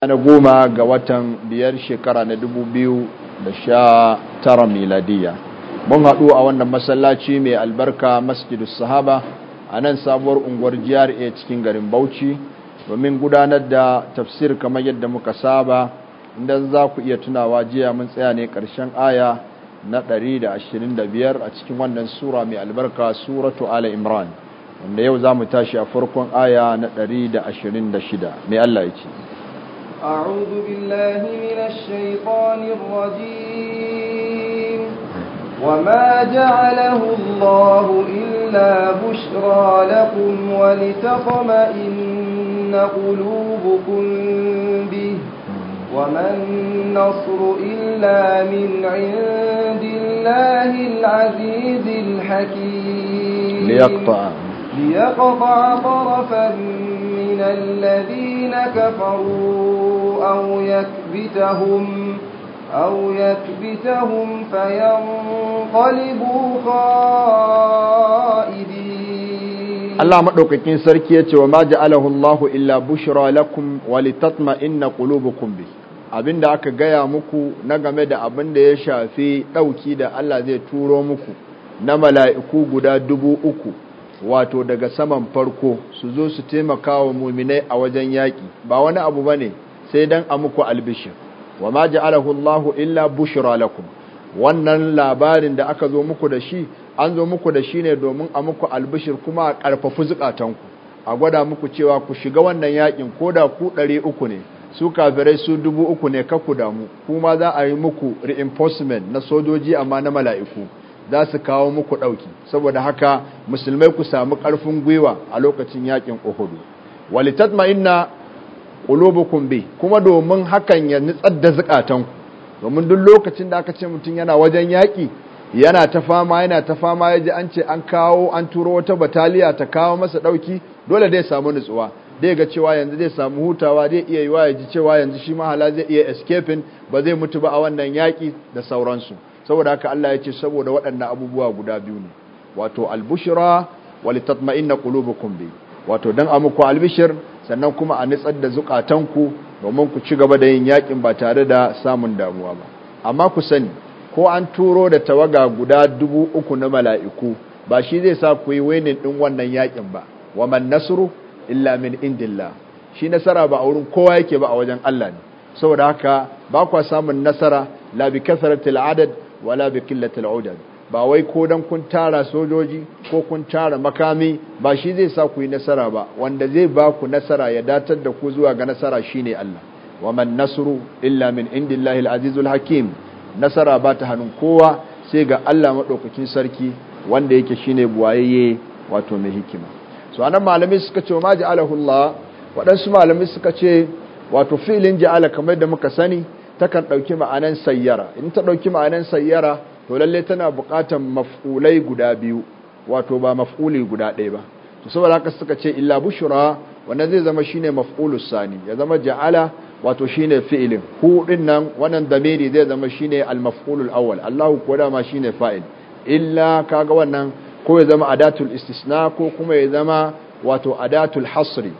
ranar goma ga watan biyar shekara na dubu biyu da sha tara miladiya mun haɗu a wannan masallaci mai albarka masjidu sahaba a nan sabuwar unguwar GRA cikin garin bauchi domin gudanar da tafsir kamar yadda muka saba idan za ku iya tunawa jiya mun tsaya ne ƙarshen aya na 125 a cikin wannan sura mai albarka suratu ala imran wanda yau za mu tashi a farkon aya na 126. mai allah ya ce أعوذ بالله من الشيطان الرجيم وما جعله الله إلا بشرى لكم ولتطمئن قلوبكم به وما النصر إلا من عند الله العزيز الحكيم ليقطع ليقطع طرفا من الذين كفروا أو يكبتهم أو يكبتهم فينقلبوا خائبين الله مدوكين سركي يتي وما جعله الله إلا بشرى لكم ولتطمئن قلوبكم به abin da aka gaya muku na game da abin da ya shafi ɗauki da Allah zai turo muku na mala'iku guda dubu uku wato daga saman farko su zo su taimaka wa muminai a wajen yaƙi ba wani abu ba ne sai don a muku albishir wa ma ja'alahu Allahu illa bushira lakum wannan labarin da aka zo muku da shi an zo muku da shi ne domin a muku albishir kuma a ƙarfafi zukatanku a gwada muku cewa ku shiga wannan yaƙin ko da ku ɗari uku ne su kafirai su dubu uku ne ka ku damu kuma za a yi muku reinforcement na sojoji amma na mala'iku za su kawo muku ɗauki saboda haka musulmai ku samu ƙarfin gwiwa a lokacin yakin uhudu walitat inna qulubukum bi kuma domin hakan ya nitsar da zukatanku domin duk lokacin da aka ce mutum yana wajen yaƙi yana ta fama yana ta fama ji an ce an kawo an turo wata bataliya ta kawo masa ɗauki dole dai samu nutsuwa dai ga cewa yanzu zai samu hutawa zai iya yiwa ya ji cewa yanzu shi mahala zai iya escaping ba zai mutu ba a wannan yaki da sauransu saboda haka Allah ya ce saboda waɗannan abubuwa guda biyu ne wato albushira walitatma'inna qulubukum bi wato dan amuku albishir sannan kuma a nitsar da zukatanku domin ku ci gaba da yin yakin ba tare da samun damuwa ba amma ku sani ko an turo da tawaga guda dubu uku na mala'iku ba shi zai sa ku yi wainin ɗin wannan yakin ba wa man nasru illa min indillah shi nasara ba a wurin kowa yake ba a wajen Allah ne saboda haka ba kwa samun nasara la bi kasratil adad wala bi qillatil udad ba wai ko dan kun tara sojoji ko kun tara makami ba shi zai sa ku yi nasara ba wanda zai ba ku nasara ya datar da ku zuwa ga nasara shine Allah waman nasru illa min indillahi alazizul hakim nasara ba ta hannun kowa sai ga Allah madaukakin sarki wanda yake shine buwayeye wato mai hikima so anan malamai suka ce ma ja'alahu Allah waɗansu malamai suka ce wato fi'ilin ja'ala kamar da muka sani takan ɗauki ma'anan sayyara in ta ɗauki ma'anan sayyara to lalle tana buƙatar maf'ulai guda biyu wato ba maf'uli guda ɗaya ba to saboda haka suka ce illa bushra wannan zai zama shine maf'ulus sani ya zama ja'ala wato shine fi'ilin hu din nan wannan damiri zai zama shine al-maf'ulul awwal Allahu ko da ma shine fa'il illa kaga wannan ko ya zama adatul istisna ko kuma ya zama wato adatul hasri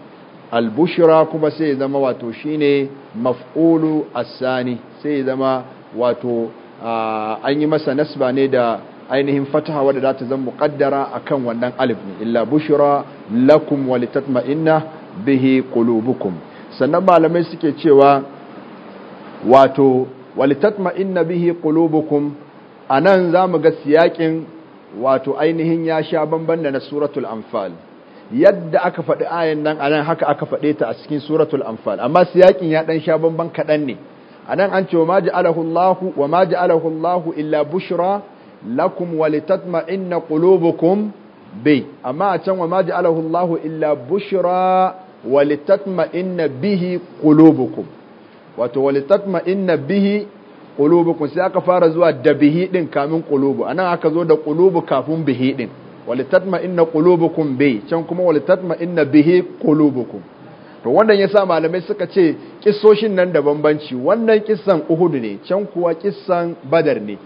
albushira kuma sai zama wato shine maf'ulu asani sai zama wato an yi masa nasba ne da ainihin fataha wadda za ta zama muƙaddara a kan wannan alif ne illa bushra lakum walitatma inna bihi qulubukum sannan malamai suke cewa wato walitatma inna bihi qulubukum anan zamu ga siyakin wato ainihin ya sha bamban da na suratul anfal yadda aka faɗi ayan nan a nan haka aka faɗe ta a cikin suratul anfal amma siyakin ya ɗan sha bamban kaɗan ne a nan an ce wa ma ja'alahu Allahu wa ma ja'alahu Allahu illa bushra lakum wa litatma'inna qulubukum bi amma a can wa ma ja'alahu Allahu illa bushra wa litatma'inna bihi qulubukum wato wa litatma'inna bihi qulubukum sai aka fara zuwa da bihi din kamin qulubu anan aka zo da qulubu kafin bihi din walitatma inna qulubukum bi can kuma walitatma inna bihi qulubukum to wannan yasa malamai suka ce kissoshin nan da bambanci wannan kissan Uhud ne can kuwa kissan Badar ne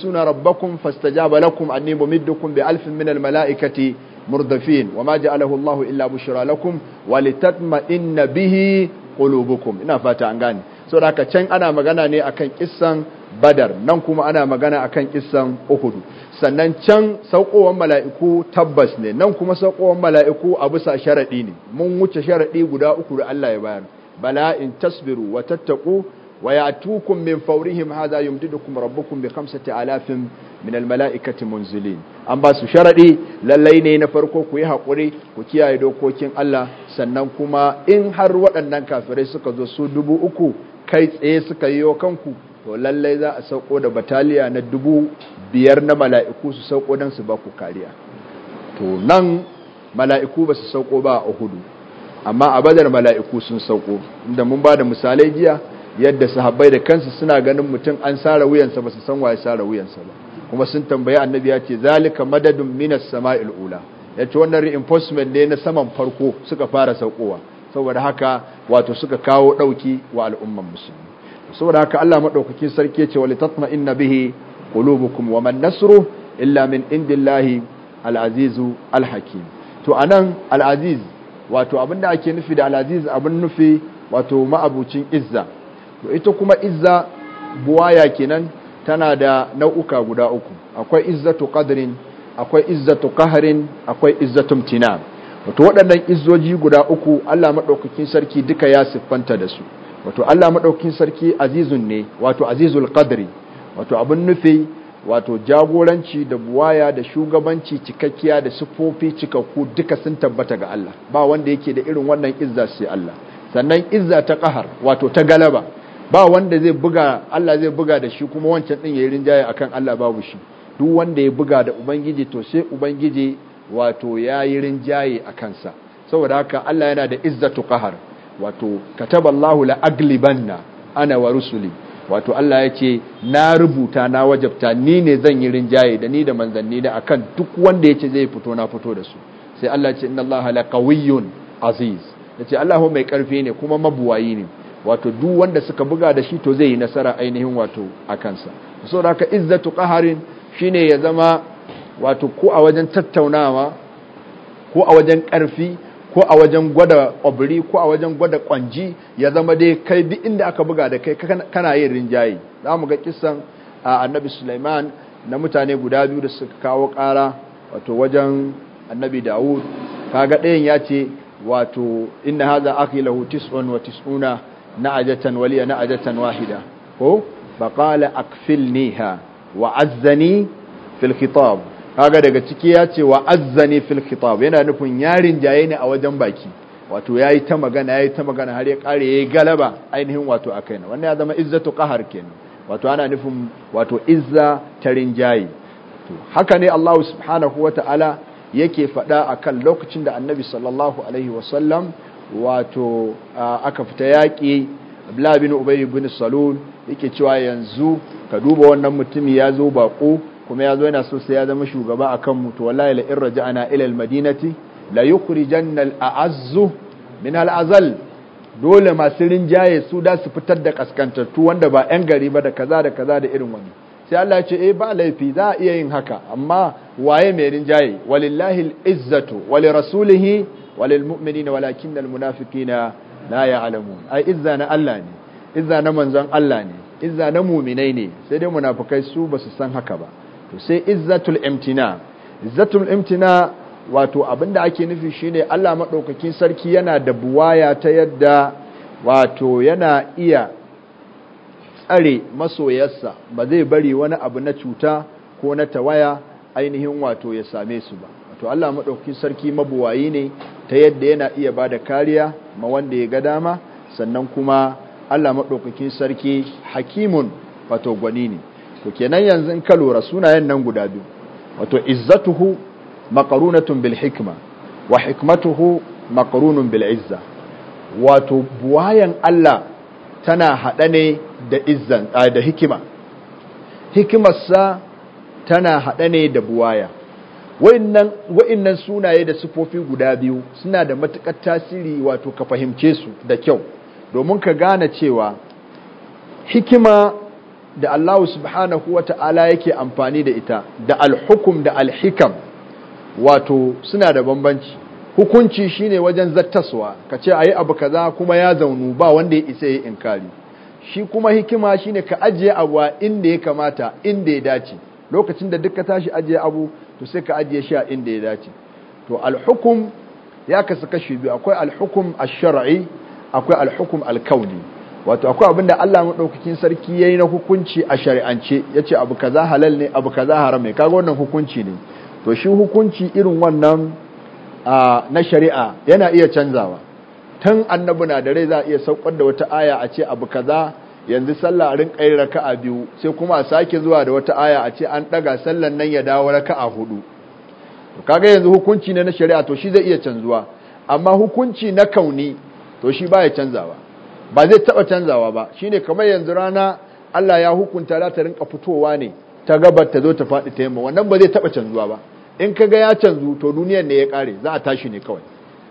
suna rabbakum fastajaba lakum anni mumiddukum bi alfin minal malaikati murdafin wama ja'alahu Allahu illa bushra lakum walitatma inna bihi qulubukum ina fata an gane saboda haka can ana magana ne akan kissan badar nan kuma ana magana akan isan uhudu sannan can saukowar mala'iku tabbas ne nan kuma saukowar mala'iku a bisa sharaɗi ne mun wuce sharaɗi guda uku da Allah ya bayar bala in tasbiru wa tattaku wa tukun min da kuma yumdidukum rabbukum bi ta alafin min almala’ikatin mala'ikati munzilin an ba su sharaɗi lallai ne na farko ku yi hakuri ku kiyaye dokokin Allah sannan kuma in har waɗannan kafirai suka zo su dubu uku kai tsaye suka yi wa kanku to lallai za a sauko da bataliya na dubu biyar na mala'iku su sauko don su ba ku kariya to nan mala'iku ba su sauko ba a hudu amma a badar mala'iku sun sauko inda mun ba da misalai jiya yadda sahabbai da kansu suna ganin mutum an sara wuyansa ba su san waye sara wuyansa ba kuma sun tambayi annabi ya ce zalika madadin minas sama'il ula ya ce wannan reinforcement ne na saman farko suka fara saukowa saboda haka wato suka kawo ɗauki wa al'umman musulmi saboda haka Allah madaukakin sarki yace wa litatma inna bihi qulubukum wa man nasru illa min indillahi al-azizu al-hakim to anan al-aziz wato abinda ake nufi da al-aziz abin nufi wato ma'abucin izza to ita kuma izza buwaya kenan tana da nau'uka guda uku akwai izzatu qadrin akwai izzatu qahrin akwai izzatu imtina wato waɗannan izzoji guda uku Allah madaukakin sarki duka ya siffanta da su wato Allah madaukin sarki azizun ne wato azizul qadri wato abun nufi wato jagoranci da buwaya da shugabanci cikakkiya da sufofi cikakku duka sun tabbata ga Allah ba wanda yake da irin wannan izza sai Allah sannan izza ta qahar wato ta galaba ba wanda zai buga Allah zai buga da shi kuma wancan din yayin rinjaye akan Allah babu shi duk wanda ya buga da ubangiji to sai ubangiji wato yi rinjaye akan sa saboda haka Allah yana da izzatu qahar wato kataballahu la aglibanna ana wa rusuli wato Allah ya ce na rubuta na wajabta ni ne zan yi rinjaye da ni da manzanni da akan duk wanda yake zai fito na fito da su sai Allah ya ce inna Allah la qawiyyun aziz ya ce mai karfi ne kuma mabuwayi ne wato duk wanda suka buga da shi to zai yi nasara ainihin wato a kansa da haka izzatu qaharin shine ya zama wato ko a wajen tattaunawa ko a wajen karfi ko a wajen gwada ƙwabiri ko a wajen gwada ƙwanji ya zama dai kai duk inda aka buga da kai kana yin rinjaye za mu ga kisan annabi Suleiman na mutane guda biyu da suka kawo ƙara wato wajen annabi Dawud kaga ɗayan ya ce wato inna aka yi lahu tis'un wa tis'una na'ajatan waliya na ajatan wahida ko akfil niha wa azzani fil khitab kaga daga ciki ya ce wa azzani fil khitab yana nufin yarin jaye ne a wajen baki wato yayi ta magana yayi ta magana har ya kare yayi galaba ainihin wato akai ne wannan ya zama izzatu qahar kenan wato ana nufin wato izza ta rinjaye to haka ne Allah subhanahu wataala yake faɗa akan lokacin da Annabi sallallahu alaihi wasallam wato aka fita yaƙi Abdullah bin Ubay bin Salul yake cewa yanzu ka duba wannan mutumi ya zo baƙo kuma ya zo yana so sai ya zama shugaba a kan to wallahi la in raja'ana ila al-madinati la yukhrijanna al-a'azzu min azal dole masu rinjaye su da su fitar da kaskantattu wanda ba yan gari ba da kaza da kaza da irin wani sai Allah ya ce eh ba laifi za a iya yin haka amma waye mai rinjaye walillahi wa wali rasulihi lil mu'minina al-munafiqina la ya'lamun ai izza na Allah ne izza na manzon Allah ne izza mu'minai ne sai dai munafikai su basu san haka ba to sai izzatul imtina izzatul imtina wato abinda ake nufi shine Allah madaukakin sarki yana da buwaya ta yadda wato yana iya tsare masoyarsa ba zai bari wani abu na cuta ko na tawaya ainihin wato ya same su ba wato Allah madaukakin sarki mabuwayi ne ta yadda yana iya bada kariya ma wanda ya ga dama sannan kuma Allah madaukakin sarki hakimun wato gwani ne to kenan yanzu in ka lura sunayen nan guda biyu wato izzatuhu maqarunatun bil hikma wa hikmatuhu maqarunun bil izza wato buwayan Allah tana hada ne da izzan da hikima hikimarsa tana hada ne da buwaya wayannan sunaye da sifofi guda biyu suna da matukar tasiri wato ka fahimce su da kyau domin ka gane cewa hikima da Allah subhanahu wa ta'ala yake amfani da ita da alhukum da alhikam wato suna da bambanci hukunci shine wajen zattaswa ka ce a yi abu kaza kuma ya zaunu ba wanda ya isa ya inkari shi kuma hikima shine ka ajiye abu inda ya kamata inda ya dace lokacin da duka tashi ajiye abu to sai ka ajiye shi a inda ya dace to alhukum ya kasu kashi biyu akwai alhukum ash-shar'i akwai alhukum al-kauni wato akwai abin da Allah maɗaukakin sarki ya yi na hukunci a shari'ance ya ce abu kaza halal ne abu kaza haram ne kaga wannan hukunci ne to shi hukunci irin wannan na shari'a yana iya canzawa tun annabi na da rai za a iya saukar da wata aya a ce abu kaza yanzu sallah a rinka yin raka'a biyu sai kuma a sake zuwa da wata aya a ce an daga sallan nan ya dawo raka'a hudu to kaga yanzu hukunci ne na shari'a to shi zai iya canzuwa amma hukunci na kauni to shi baya canzawa ba zai taba canzawa ba shine kamar yanzu rana Allah ya hukunta za ta rinka fitowa ne ta gabar ta zo ta faɗi ta yamma wannan ba zai taba canzuwa ba in ka ga ya canzu to duniyar ne ya kare za a tashi ne kawai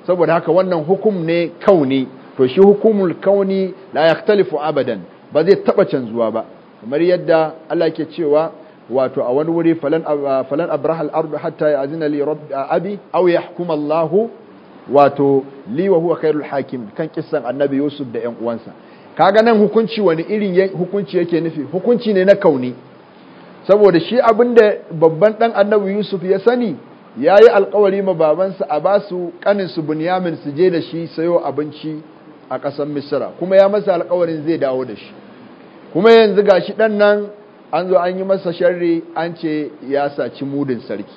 saboda haka wannan hukum ne kauni to shi hukumul kauni la yaktalifu abadan ba zai taba canzuwa ba kamar yadda Allah ke cewa wato a wani wuri falan falan abrahal ardu hatta azina li rabbi abi aw yahkum Allahu wato li wa huwa khairul hakim kan kissan annabi yusuf da yan uwansa kaga nan hukunci wani irin hukunci yake nufi hukunci ne na kauni saboda shi abinda babban dan annabi yusuf ya sani ya yi alkawari ma babansa a basu kanin su bunyamin su je da shi sayo abinci a ƙasar misira kuma ya masa alkawarin zai dawo da shi kuma yanzu ga shi ɗan nan an zo an yi masa sharri an ce ya saci mudin sarki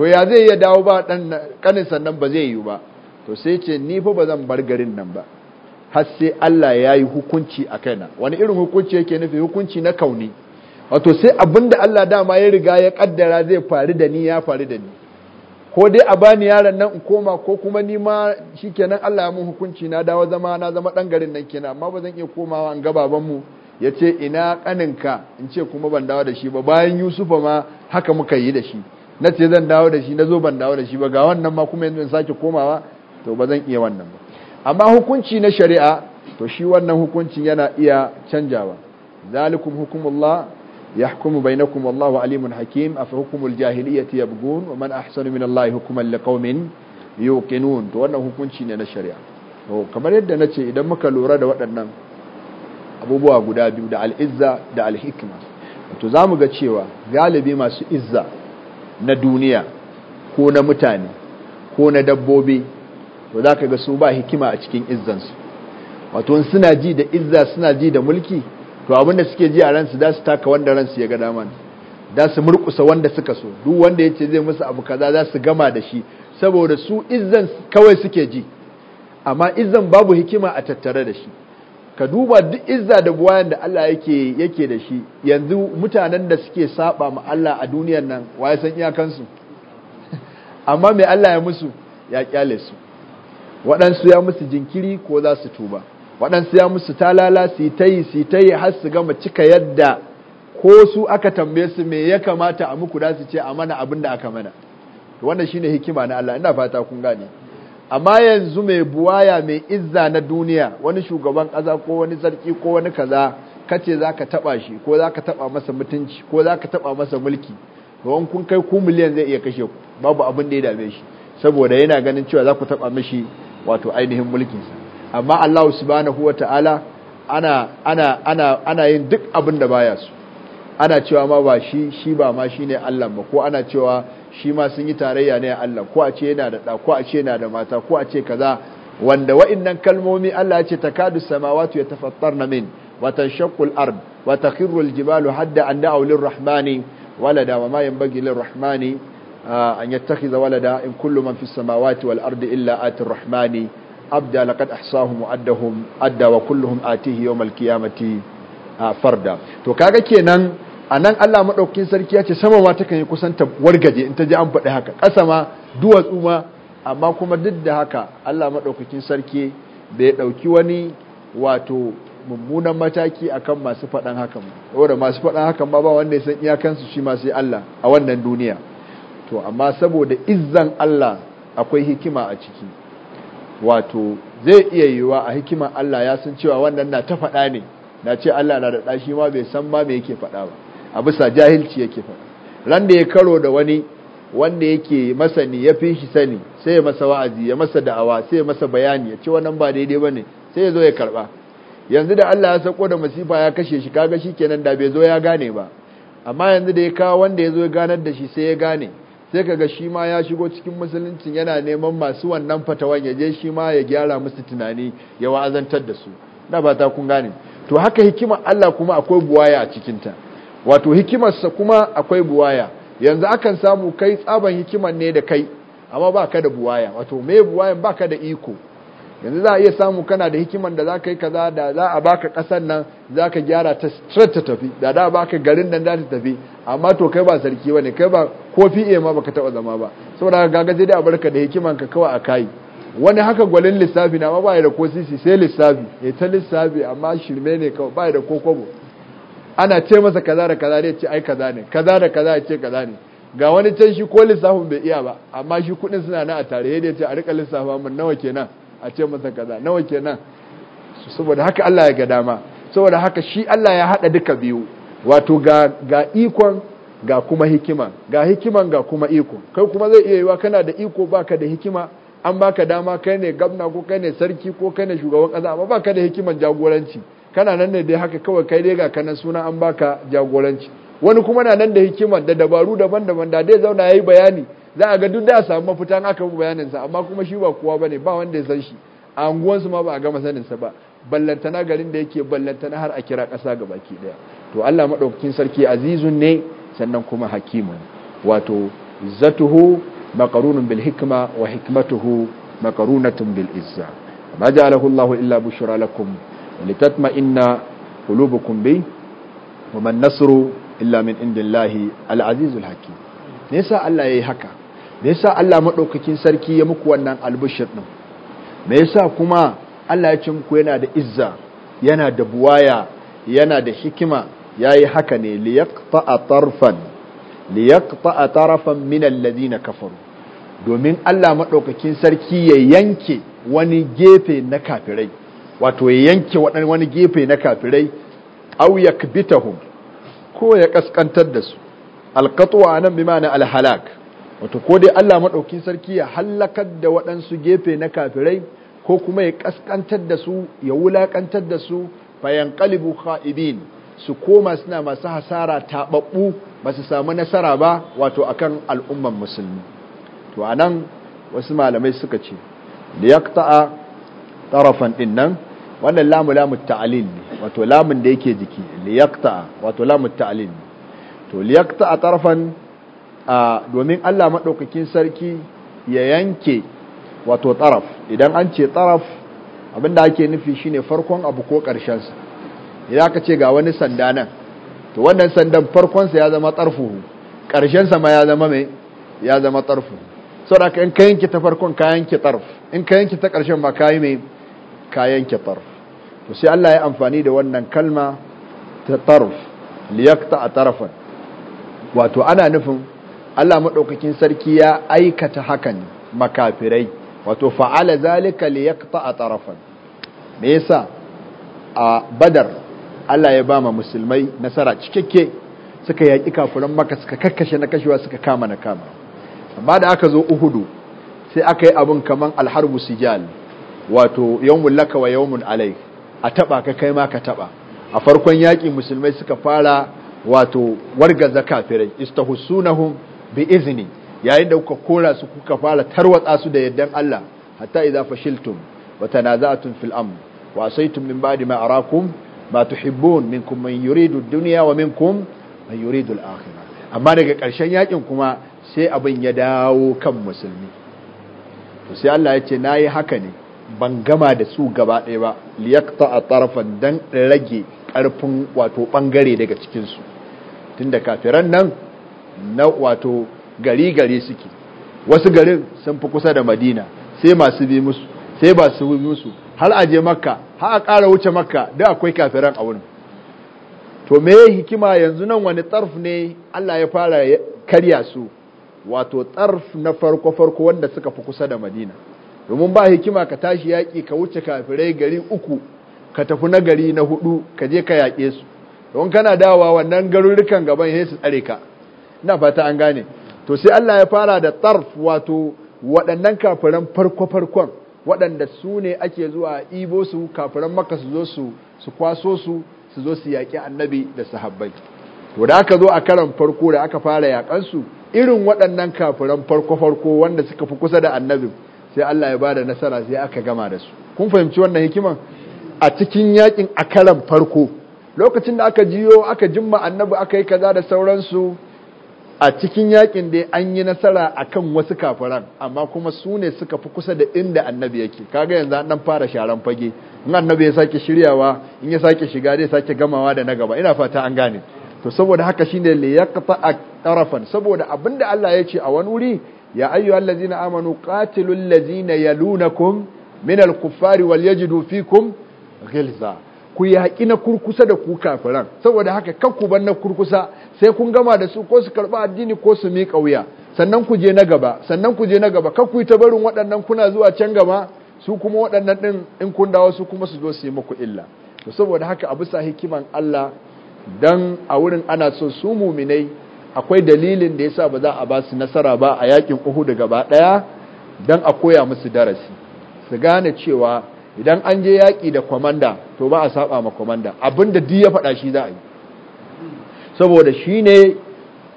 to ya zai iya dawo ba dan kanin sannan ba zai yi ba to sai ce ni fa ba zan bar garin nan ba har sai Allah ya yi hukunci a kaina wani irin hukunci yake nufi hukunci na kauni wato sai abinda Allah dama ya riga ya kaddara zai faru da ni ya faru da ni ko dai a bani yaron nan in koma ko kuma ni ma shikenan Allah ya mun hukunci na dawo zama na zama dan garin nan kenan amma ba zan iya komawa in ga baban mu yace ina kaninka in ce kuma ban dawo da shi ba bayan Yusufa ma haka muka yi da shi na ce zan dawo da shi na zo ban dawo da shi ba ga wannan ma kuma yanzu in sake komawa to ba zan iya wannan ba amma hukunci na shari'a to shi wannan hukuncin yana iya canjawa zalikum hukumullah yahkumu bainakum wallahu alimun hakim afa hukumul jahiliyyati yabghun wa man ahsanu min allahi hukuman liqaumin yuqinun to wannan hukunci ne na shari'a to kamar yadda nace idan muka lura da waɗannan abubuwa guda biyu da al'izza da alhikma to zamu ga cewa galibi masu izza na duniya ko na mutane ko na dabbobi to za ka ga su ba hikima a cikin izzansu wato suna ji da izza suna ji da mulki to abinda suke ji a ransu za su taka wanda ransu ya ga dama da su murkusa wanda suka so duk wanda ya ce zai musu abu kaza za su gama da shi saboda su izzan kawai suke ji amma izzan babu hikima a tattare da shi ka duba duk izza da buwayan da Allah yake yake da shi yanzu mutanen da suke saba ma Allah a duniyar nan waye san iyakansu amma mai Allah ya musu ya kyale su waɗansu ya musu jinkiri ko za su tuba waɗansu ya musu talala su ta yi su ta yi har su gama cika yadda ko su aka tambaye su me ya kamata a muku da su ce a mana abin da aka mana to wannan shine hikima na Allah ina fata kun gane amma yanzu mai buwaya mai izza na duniya wani shugaban kaza ko wani sarki ko wani kaza kace zaka taba shi ko zaka taba masa mutunci ko zaka taba masa mulki don kun kai ku miliyan zai iya kashe ku babu abin da ya dame shi saboda yana ganin cewa za ku taba mishi wato ainihin mulkin sa amma Allah subhanahu wataala ana ana ana ana yin duk abin da baya su ana cewa ma ba shi shi ba ma shine Allah ba ko ana cewa shi ma sun yi tarayya ne a Allah ko a ce yana da da ko a ce yana da mata ko a ce kaza wanda wa'annan kalmomi Allah ya ce takadu samawati yatafattarna min wa shakkul ard wa takhirru jibalu hadda an da'u lir-rahmani walada wa ma yanbaghi lir-rahmani an yattakhiza walada in kullu man fis samawati wal-ardi illa atir-rahmani abda laqad ahsahum wa addahum adda wa kulluhum atihi yawmal qiyamati farda to kaga kenan a nan Allah maɗaukin sarki ya ce sama ma takan yi kusan ta wargaje in ta ji an faɗi haka ƙasa ma duwatsu ma amma kuma duk da haka Allah maɗaukakin sarki bai ɗauki wani wato mummunan mataki akan masu faɗan hakan saboda masu faɗan hakan ma ba wanda ya san iyakansu shi ma sai Allah a wannan duniya to amma saboda izzan Allah akwai hikima a ciki wato zai iya yiwuwa a hikiman Allah ya san cewa wannan na ta faɗa ne na ce Allah na da ɗashi ma bai san ma me yake faɗa ba a bisa jahilci yake faɗa ran da ya karo da wani wanda yake masani ya fi shi sani sai ya masa wa'azi ya masa da'awa sai ya masa bayani ya ce wannan ba daidai ba ne sai ya zo ya karba, yanzu da Allah ya sako da masifa ya kashe shi kaga shi kenan da bai zo ya gane ba amma yanzu da ya kawo wanda ya zo ya ganar da shi sai ya gane sai kaga shi ma ya shigo cikin musuluncin yana neman masu wannan fatawan ya je shi ma ya gyara musu tunani ya wa'azantar da su na ba ta kun gane to haka hikimar Allah kuma akwai buwaya a cikinta wato hikimarsa kuma akwai buwaya yanzu akan samu kai tsaban hikimar ne da kai amma ba ka da buwaya wato me buwayan ba ka da iko yanzu za a iya samu kana da hikimar da za ka yi kaza da za a baka kasar nan za ka gyara ta straight ta tafi da da baka garin nan za ta tafi amma to kai ba sarki ba ne kai ba ko iya ma baka taba zama ba saboda gaga sai dai a barka da hikimar ka kawai a kayi wani haka gwalin lissafi na ma ba ya da ko sisi sai lissafi ya ta lissafi amma shirme ne kawai ba ya da kokobo. ana ce masa kaza da kaza ne ce ai kaza ne kaza da kaza ce kaza ne ga wani can shi ko lissafin bai iya ba amma shi kudin suna na a tare da ce a rika lissafa mun nawa kenan a ce masa kaza nawa kenan saboda haka Allah ya ga dama saboda haka shi Allah ya hada duka biyu wato ga ga ikon ga kuma hikima ga hikiman ga kuma iko kai kuma zai iya yiwa kana da iko baka da hikima an baka dama kai ne gabna ko kai ne sarki ko kai ne shugaban kasa amma baka da hikiman jagoranci kana nan ne dai haka kawai kai dai ga kanan suna an baka jagoranci wani kuma na nan da hikima da dabaru daban-daban da dai zauna yayi bayani za a ga duk da samu mafita an aka bayanin sa amma kuma shi ba kowa bane ba wanda ya san shi a anguwansu ma ba a gama sanin sa ba ballantana garin da yake ballantana har a kira kasa ga baki daya to Allah madaukakin sarki azizun ne sannan kuma hakimun wato zatuhu maqarunun bil hikma wa hikmatuhu maqarunatun bil izza ma ja'alahu Allahu illa bushra lakum litatma'inna qulubukum bi wa man nasru illa min indillahi al-azizul hakim me yasa Allah yayi haka me yasa Allah madaukakin sarki ya muku wannan albishir din me yasa kuma Allah ya ce muku yana da izza yana da buwaya yana da hikima yayi haka ne liyaqta'a tarfan liyaqta'a tarfan min alladhina kafaru domin Allah madaukakin sarki ya yanke wani gefe na kafirai wato ya yanke waɗan wani gefe na kafirai aw yakbitahum ko ya kaskantar da su alqatwa nan bi mana alhalak wato ko dai Allah maɗauki sarki ya hallakar da waɗansu gefe na kafirai ko kuma ya ƙasƙantar da su ya wulaƙantar da su fayanqalibu ha'ibin su koma suna masu hasara taɓaɓɓu ba su samu nasara ba wato akan al'umman musulmi to a nan wasu malamai suka ce da ya ta'a tarafan ɗin nan wannan lamu lamu ta'alin ne wato lamun da yake jiki liyakta wato lamu ta'alin ne to a tarfan domin Allah madaukakin sarki ya yanke wato taraf idan an ce taraf abinda ake nufi shine farkon abu ko karshen sa idan aka ce ga wani sanda nan to wannan sandan farkon sa ya zama tarfu karshen sa ma ya zama mai ya zama tarfu saboda in ka yanke ta farkon ka yanke tarf in ka yanke ta karshen ma yi mai ka yanke tarf to sai Allah ya amfani da wannan kalma ta tarf a tarafan wato ana nufin Allah maɗaukakin sarki ya aikata hakan makafirai wato fa'ala zalika a tarafan me yasa a badar Allah ya bama musulmai nasara cikakke suka yaki kafuran maka suka kakkashe na kashewa suka kama na kama amma da aka zo uhudu sai aka yi abin kaman alharbu sijal wato yawmun laka wa yawmun alaik a taba ka kai ma ka taba a farkon yaƙi musulmai suka fara wato wargaza kafirai istahussunahum bi izni yayin da kuka kora su kuka fara tarwatsa su da yaddan Allah hatta idza fashiltum wa tanaza'tum fil amr wa asaytum min ba'di ma arakum ma tuhibbun minkum man yuridu ad-dunya wa minkum man yuridu al-akhirah amma daga karshen yakin kuma sai abin ya dawo kan musulmi to sai Allah ya ce nayi haka ne ban gama da su gaba ɗaya ba liyakta a tarafan don rage ƙarfin wato ɓangare daga cikinsu tun da kafiran nan na wato gari gari suke wasu garin sun fi kusa da madina sai masu bi musu sai ba su bi musu har aje makka har a ƙara wuce makka da akwai kafiran a wurin to me hikima yanzu nan wani tsarf ne allah ya fara karya su wato tsarf na farko farko wanda suka fi kusa da madina domin ba hikima ka tashi yaƙi ka wuce kafirai gari uku ka tafi na gari na hudu ka je ka yaƙe su don kana dawowa wannan garurukan gaban ya su tsare ka ina fata an gane to sai Allah ya fara da tsarf wato waɗannan kafiran farko farkon waɗanda su ne ake zuwa ibo su kafiran maka su zo su su kwaso su su zo su yaƙi annabi da sahabbai to da aka zo a karan farko da aka fara yaƙansu irin waɗannan kafiran farko farko wanda suka fi kusa da annabin sai Allah ya bada nasara sai aka gama da su kun fahimci wannan hikiman a cikin yakin a karan farko lokacin da aka jiyo aka jimma annabi aka yi kaza da sauransu a cikin yakin dai an yi nasara akan wasu kafiran amma kuma su ne suka fi kusa da inda annabi yake kaga yanzu an dan fara sharan fage in annabi ya sake shiryawa in ya sake shiga zai sake gamawa da na gaba ina fata an gane to saboda haka shine liyaqta'a tarafan saboda abinda Allah ya ce a wani wuri ya ayyuhal lazina amanu qatilul ladzina yalunakum min al-kuffari wal yajidu fikum ghilza ku na kurkusa da ku kafiran saboda haka kan ku bar na kurkusa sai kun gama da su ko su karɓi addini ko su miƙa wuya sannan ku je na gaba sannan ku je na gaba kan ku yi ta barin waɗannan kuna zuwa can gaba su kuma waɗannan ɗin in kun dawo su kuma su zo su yi muku illa to saboda haka a bisa hikiman Allah dan a wurin ana so su muminai akwai dalilin da yasa ba za a ba su nasara ba a yakin Uhud gaba daya dan a koya musu darasi su gane cewa idan an je yaki da kwamanda to ba a saba ma komanda abinda duk ya faɗa shi za a yi saboda shine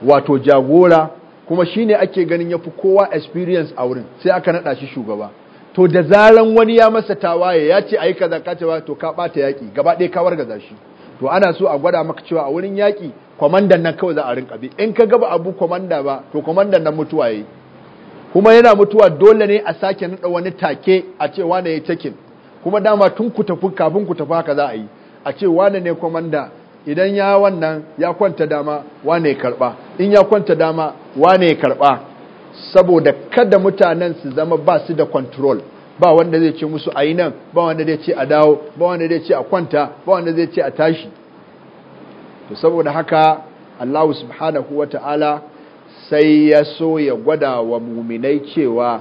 wato jagora kuma shine ake ganin yafi kowa experience a wurin sai aka naɗa shi shugaba to da zaran wani ya masa tawaye ya ce ayi kaza ka ce to ka ɓata yaki gaba ɗaya ka wargaza shi to ana so a gwada maka cewa a wurin yaki kwamandan nan kawai za a rinka bi in ka gaba abu kwamanda ba to kwamandan nan mutuwa yayi kuma yana mutuwa dole ne a sake nada wani take a ce wane ya takin kuma dama tun ku tafi kafin ku tafi haka za a yi a ce wane ne kwamanda idan ya wannan ya kwanta dama wane ya karba in ya kwanta dama wane ya karba saboda kada mutanen su zama ba su da control ba wanda zai ce musu a yi nan ba wanda zai ce a dawo ba wanda zai ce a kwanta ba wanda zai ce a tashi to saboda haka Allah subhanahu wa ta'ala sai ya so ya gwada wa muminai cewa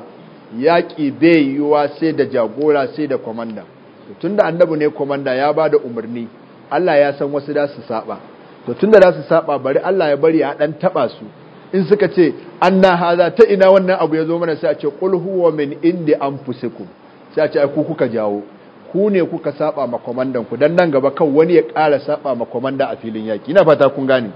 yaƙi bai yiwuwa sai da jagora sai da komanda tun da annabi ne kwamandan ya ba da umarni Allah ya san wasu da su saba to tun da za su saba bari Allah ya bari a ɗan taɓa su in suka ce an na haza ta ina wannan abu ya zo mana sai a ce ƙul huwa min indi an fusikum sai a ce ai ku kuka jawo ku ne kuka saba ma komandan ku dan nan gaba kan wani ya ƙara saba ma komanda a filin yaki ina fata kun gane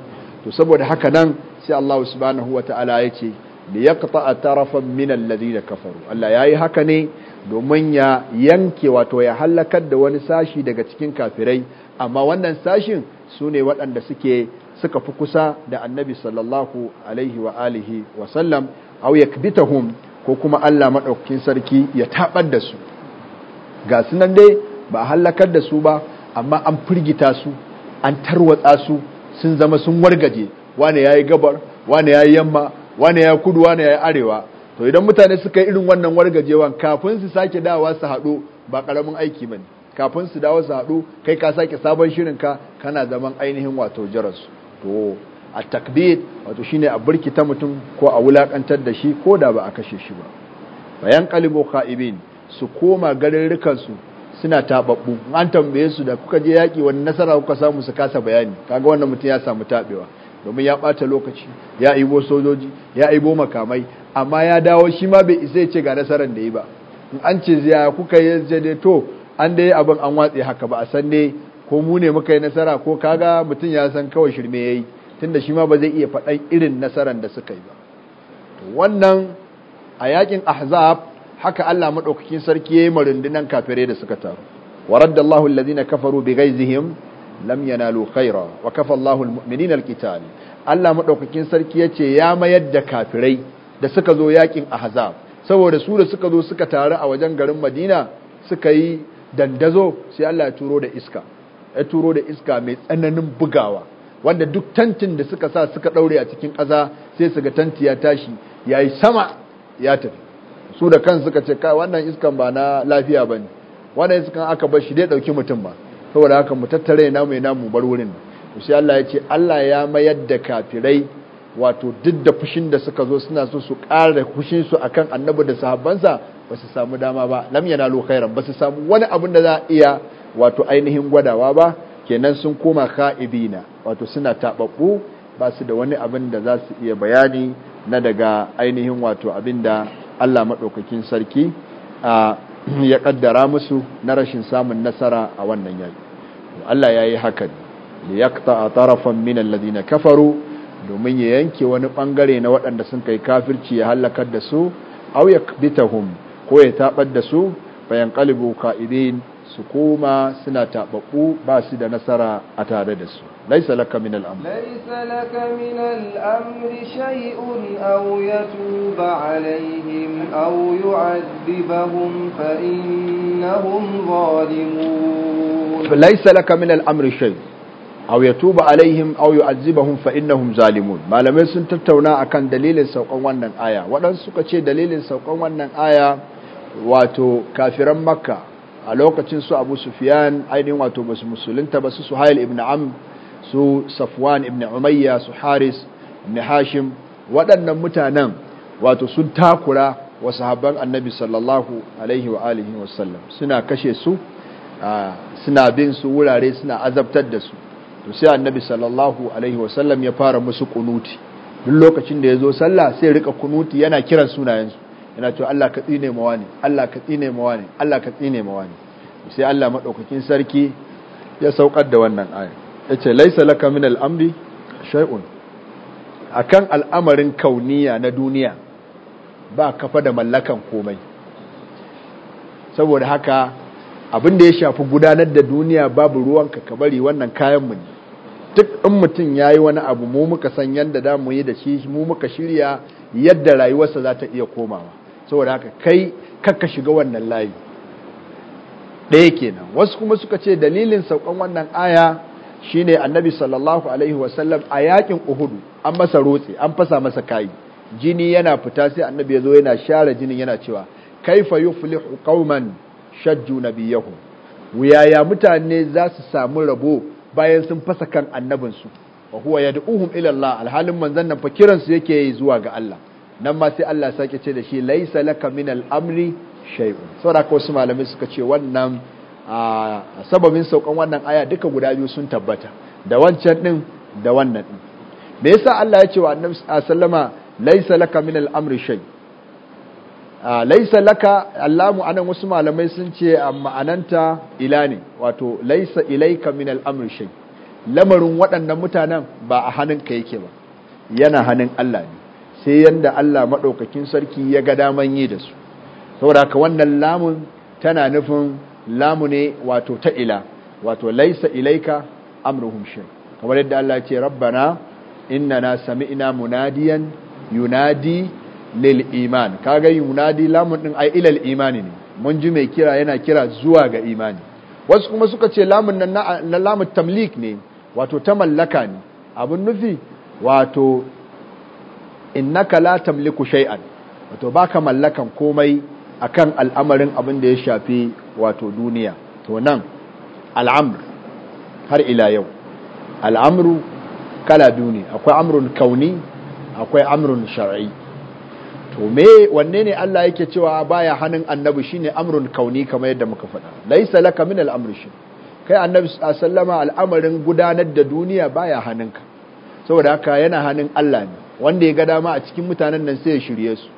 to saboda haka nan sai Allah subhanahu wataala ya ce li yaqta tarafan min alladhina kafaru Allah yayi haka ne domin ya yanke wato ya halakar da wani sashi daga cikin kafirai amma wannan sashin sune waɗanda suke suka fi kusa da annabi sallallahu alaihi wa alihi wa sallam aw yakbitahum ko kuma Allah madaukakin sarki ya tabar da su ga sunan dai ba a hallakar da su ba amma an firgita su an tarwatsa su sun zama sun wargaje wane yayi gabar wane yayi yamma wane ya kudu wane yayi arewa to idan mutane suka yi irin wannan wargajewan kafin su sake dawa su haɗu ba karamin aiki bane kafin su dawo su haɗu kai ka sake sabon shirin ka kana zaman ainihin wato jaras to a takbir wato shine a burkita mutum ko a wulakantar da shi ko da ba a kashe shi ba bayan qalibu kha'ibin su koma garirrikansu suna taɓaɓɓu an tambaye su da kuka je yaki wani nasara kuka samu su kasa bayani kaga wannan mutum ya samu taɓewa domin ya bata lokaci ya aibo sojoji ya aibo makamai amma ya dawo shi ma bai isa ya ce ga nasaran da yi ba in an ce ziya kuka yi da to an dai abin an watse haka ba a san ne ko mu ne muka yi nasara ko kaga mutum ya san kawai shirme yayi tunda shi ma ba zai iya faɗan irin nasaran da suka yi ba wannan a yakin ahzab haka Allah maɗaukakin sarki yi marindinan kafirai da suka taru wa raddallahu alladhina kafaru bighaizihim lam yanalu khaira wa kafa Allahu almu'minina alqital Allah maɗaukakin sarki yace ya mayar da kafirai da suka zo yakin ahzab saboda su da suka zo suka taru a wajen garin Madina suka yi dandazo sai Allah ya turo da iska ya turo da iska mai tsananin bugawa wanda duk tantin da suka sa suka daure a cikin kaza sai su ga tanti ya tashi yayi sama ya tafi su da kansu suka ce kai wannan iskan ba na lafiya ba ne wannan iskan aka bar shi dai ɗauki mutum ba saboda haka mu tattare na mai mu bar wurin sai Allah ya ce Allah ya mayar da kafirai wato duk da fushin da suka zo suna so su ƙara fushin su akan annabi da sahabbansa ba su samu dama ba lam yanalu khairan ba su samu wani abin da za a iya wato ainihin gwadawa ba kenan sun koma kha'ibina wato suna tababbu ba su da wani abin da za su iya bayani na daga ainihin wato abin da Allah maɗaukakin sarki ya ƙaddara musu na rashin samun nasara a wannan yaƙi Allah ya yi hakan ta a tarafan minan na kafaru domin ya yanke wani ɓangare na waɗanda sun kai kafirci ya hallakar da su bita yakbitahum ko ya taɓar da su bayan ƙalibu qa'idin su koma suna taɓaɓɓu ba su da nasara a tare da su ليس لك من الأمر ليس لك من الأمر شيء أو يتوب عليهم أو يعذبهم فإنهم ظالمون ليس لك من الأمر شيء أو يتوب عليهم أو يعذبهم فإنهم ظالمون ما لم يسن تتونا أكان دليل سوقان ونن آية ودن سوقة دليل سوقان ونن آية واتو كافرا مكة a lokacin su abu sufiyan ainihin wato basu musulunta ba su suhail ibn am su safwan ibn umayya su haris ibn hashim waɗannan mutanen wato sun takura wa sahabban annabi sallallahu alaihi wa alihi wasallam suna kashe su suna bin su wurare suna azabtar da su to sai annabi sallallahu alaihi wasallam ya fara musu kunuti duk lokacin da ya zo sallah sai rika kunuti yana kiran sunayensu yana cewa Allah ka tsine mawa ne Allah ka tsine mawa ne Allah ka tsine mawa ne sai Allah madaukakin sarki ya saukar da wannan ayat yace laisa laka min al'amri shay'un akan al'amarin kauniya na duniya ba kafa da mallakan komai saboda haka abin da ya shafi gudanar da duniya babu ruwanka ka bari wannan kayan mu ne duk in mutum yayi wani abu mu muka san yadda da mu yi da shi mu muka shirya yadda rayuwarsa za ta iya komawa saboda haka kai kakka shiga wannan layi ɗaya kenan wasu kuma suka ce dalilin saukan wannan aya Shi shine annabi sallallahu alaihi wasallam a yakin uhudu an masa rotse an fasa masa kayi. jini yana fita sai annabi ya zo yana share jinin yana cewa kaifa yuflihu qauman shajju nabiyahum wuyaya mutane za su samu rabo bayan sun fasa kan annabinsu wa huwa yad'uhum ila Allah alhalin manzon nan fa kiransu yake yi zuwa ga Allah nan ma sai Allah sake ce da shi laisa laka min al-amri shay'un saboda wasu malamai suka ce wannan sababin saukan wannan aya duka guda biyu sun tabbata da wancan din da wannan din me yasa Allah ya ce wa annabi sallama laisa laka min al-amri shay laisa laka allamu anan wasu malamai sun ce amma ma'ananta ila ne wato laisa ilaika min al-amri shay lamarin waɗannan mutanen ba a hannun ka yake ba yana hannun Allah ne sai yanda Allah madaukakin sarki ya ga daman yi da su saboda haka wannan lamun tana nufin lamu ne wato ta ila wato laisa ilaika amruhum shay kamar yadda Allah ya ce rabbana innana sami'na munadiyan yunadi lil iman kaga yunadi lamun din ai ilal imani ne mun ji mai kira yana kira zuwa ga imani wasu kuma suka ce lamun nan na lamun tamlik ne wato ta mallaka ne abun nufi wato innaka la tamliku shay'an wato baka mallakan komai akan al'amarin abin da ya shafi wato duniya to nan al'amr har ila yau al'amru kala biyu ne akwai amrun kauni akwai amrun shar'i to me wanne ne Allah yake cewa baya hannun annabi shine amrun kauni kamar yadda muka faɗa laisa laka min al'amri shi kai annabi sallama al'amarin gudanar da duniya baya hannunka saboda haka yana hannun Allah ne wanda ya ga dama a cikin mutanen nan sai ya shirye su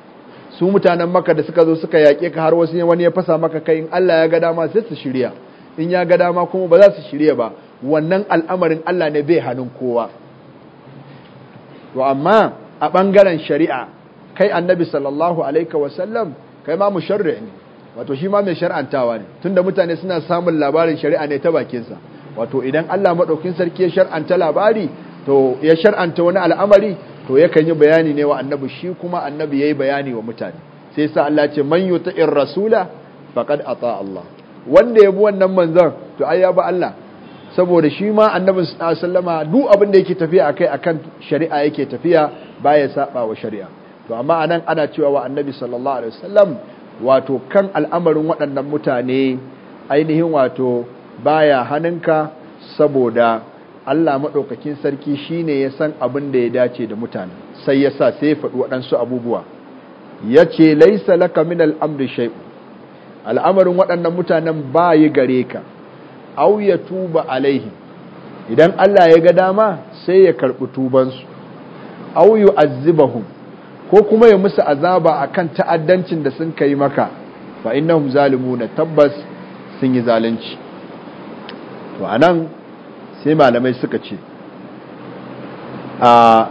su mutanen maka da suka zo suka yaƙe ka har wasu wani ya fasa maka kai in Allah ya ga dama sai su shirya in ya ga dama kuma ba za su shirya ba wannan al'amarin Allah ne bai hannun kowa to amma a ɓangaren shari'a kai annabi sallallahu alaihi wasallam kai ma musharri ne wato shi ma mai shar'antawa ne tunda mutane suna samun labarin shari'a ne ta bakinsa wato idan Allah madaukin sarki ya shar'anta labari to ya shar'anta wani al'amari to yakan yi bayani ne wa annabi shi kuma annabi yayi bayani wa mutane sai sa Allah ce man yuti'ir rasula faqad ata Allah wanda ya bi wannan manzon to ai ya Allah saboda shi ma annabi sallama duk abin da yake tafiya akai akan shari'a yake tafiya baya saba wa shari'a to amma anan ana cewa wa annabi sallallahu alaihi wasallam wato kan al'amarin waɗannan mutane ainihin wato baya haninka saboda Allah maɗaukakin sarki shine ya san abin da ya dace da mutane sai ya sa sai ya faɗi waɗansu abubuwa ya ce laisa laka min al'amri shay'u al'amarin waɗannan mutanen ba yi gare ka au ya tuba alaihi. idan Allah ya ga dama sai ya karɓi tubansu au yu hun. ko kuma ya musu azaba a kan ta'addancin da sun kai maka fa innahum na tabbas sun yi zalunci to anan sai malamai suka ce a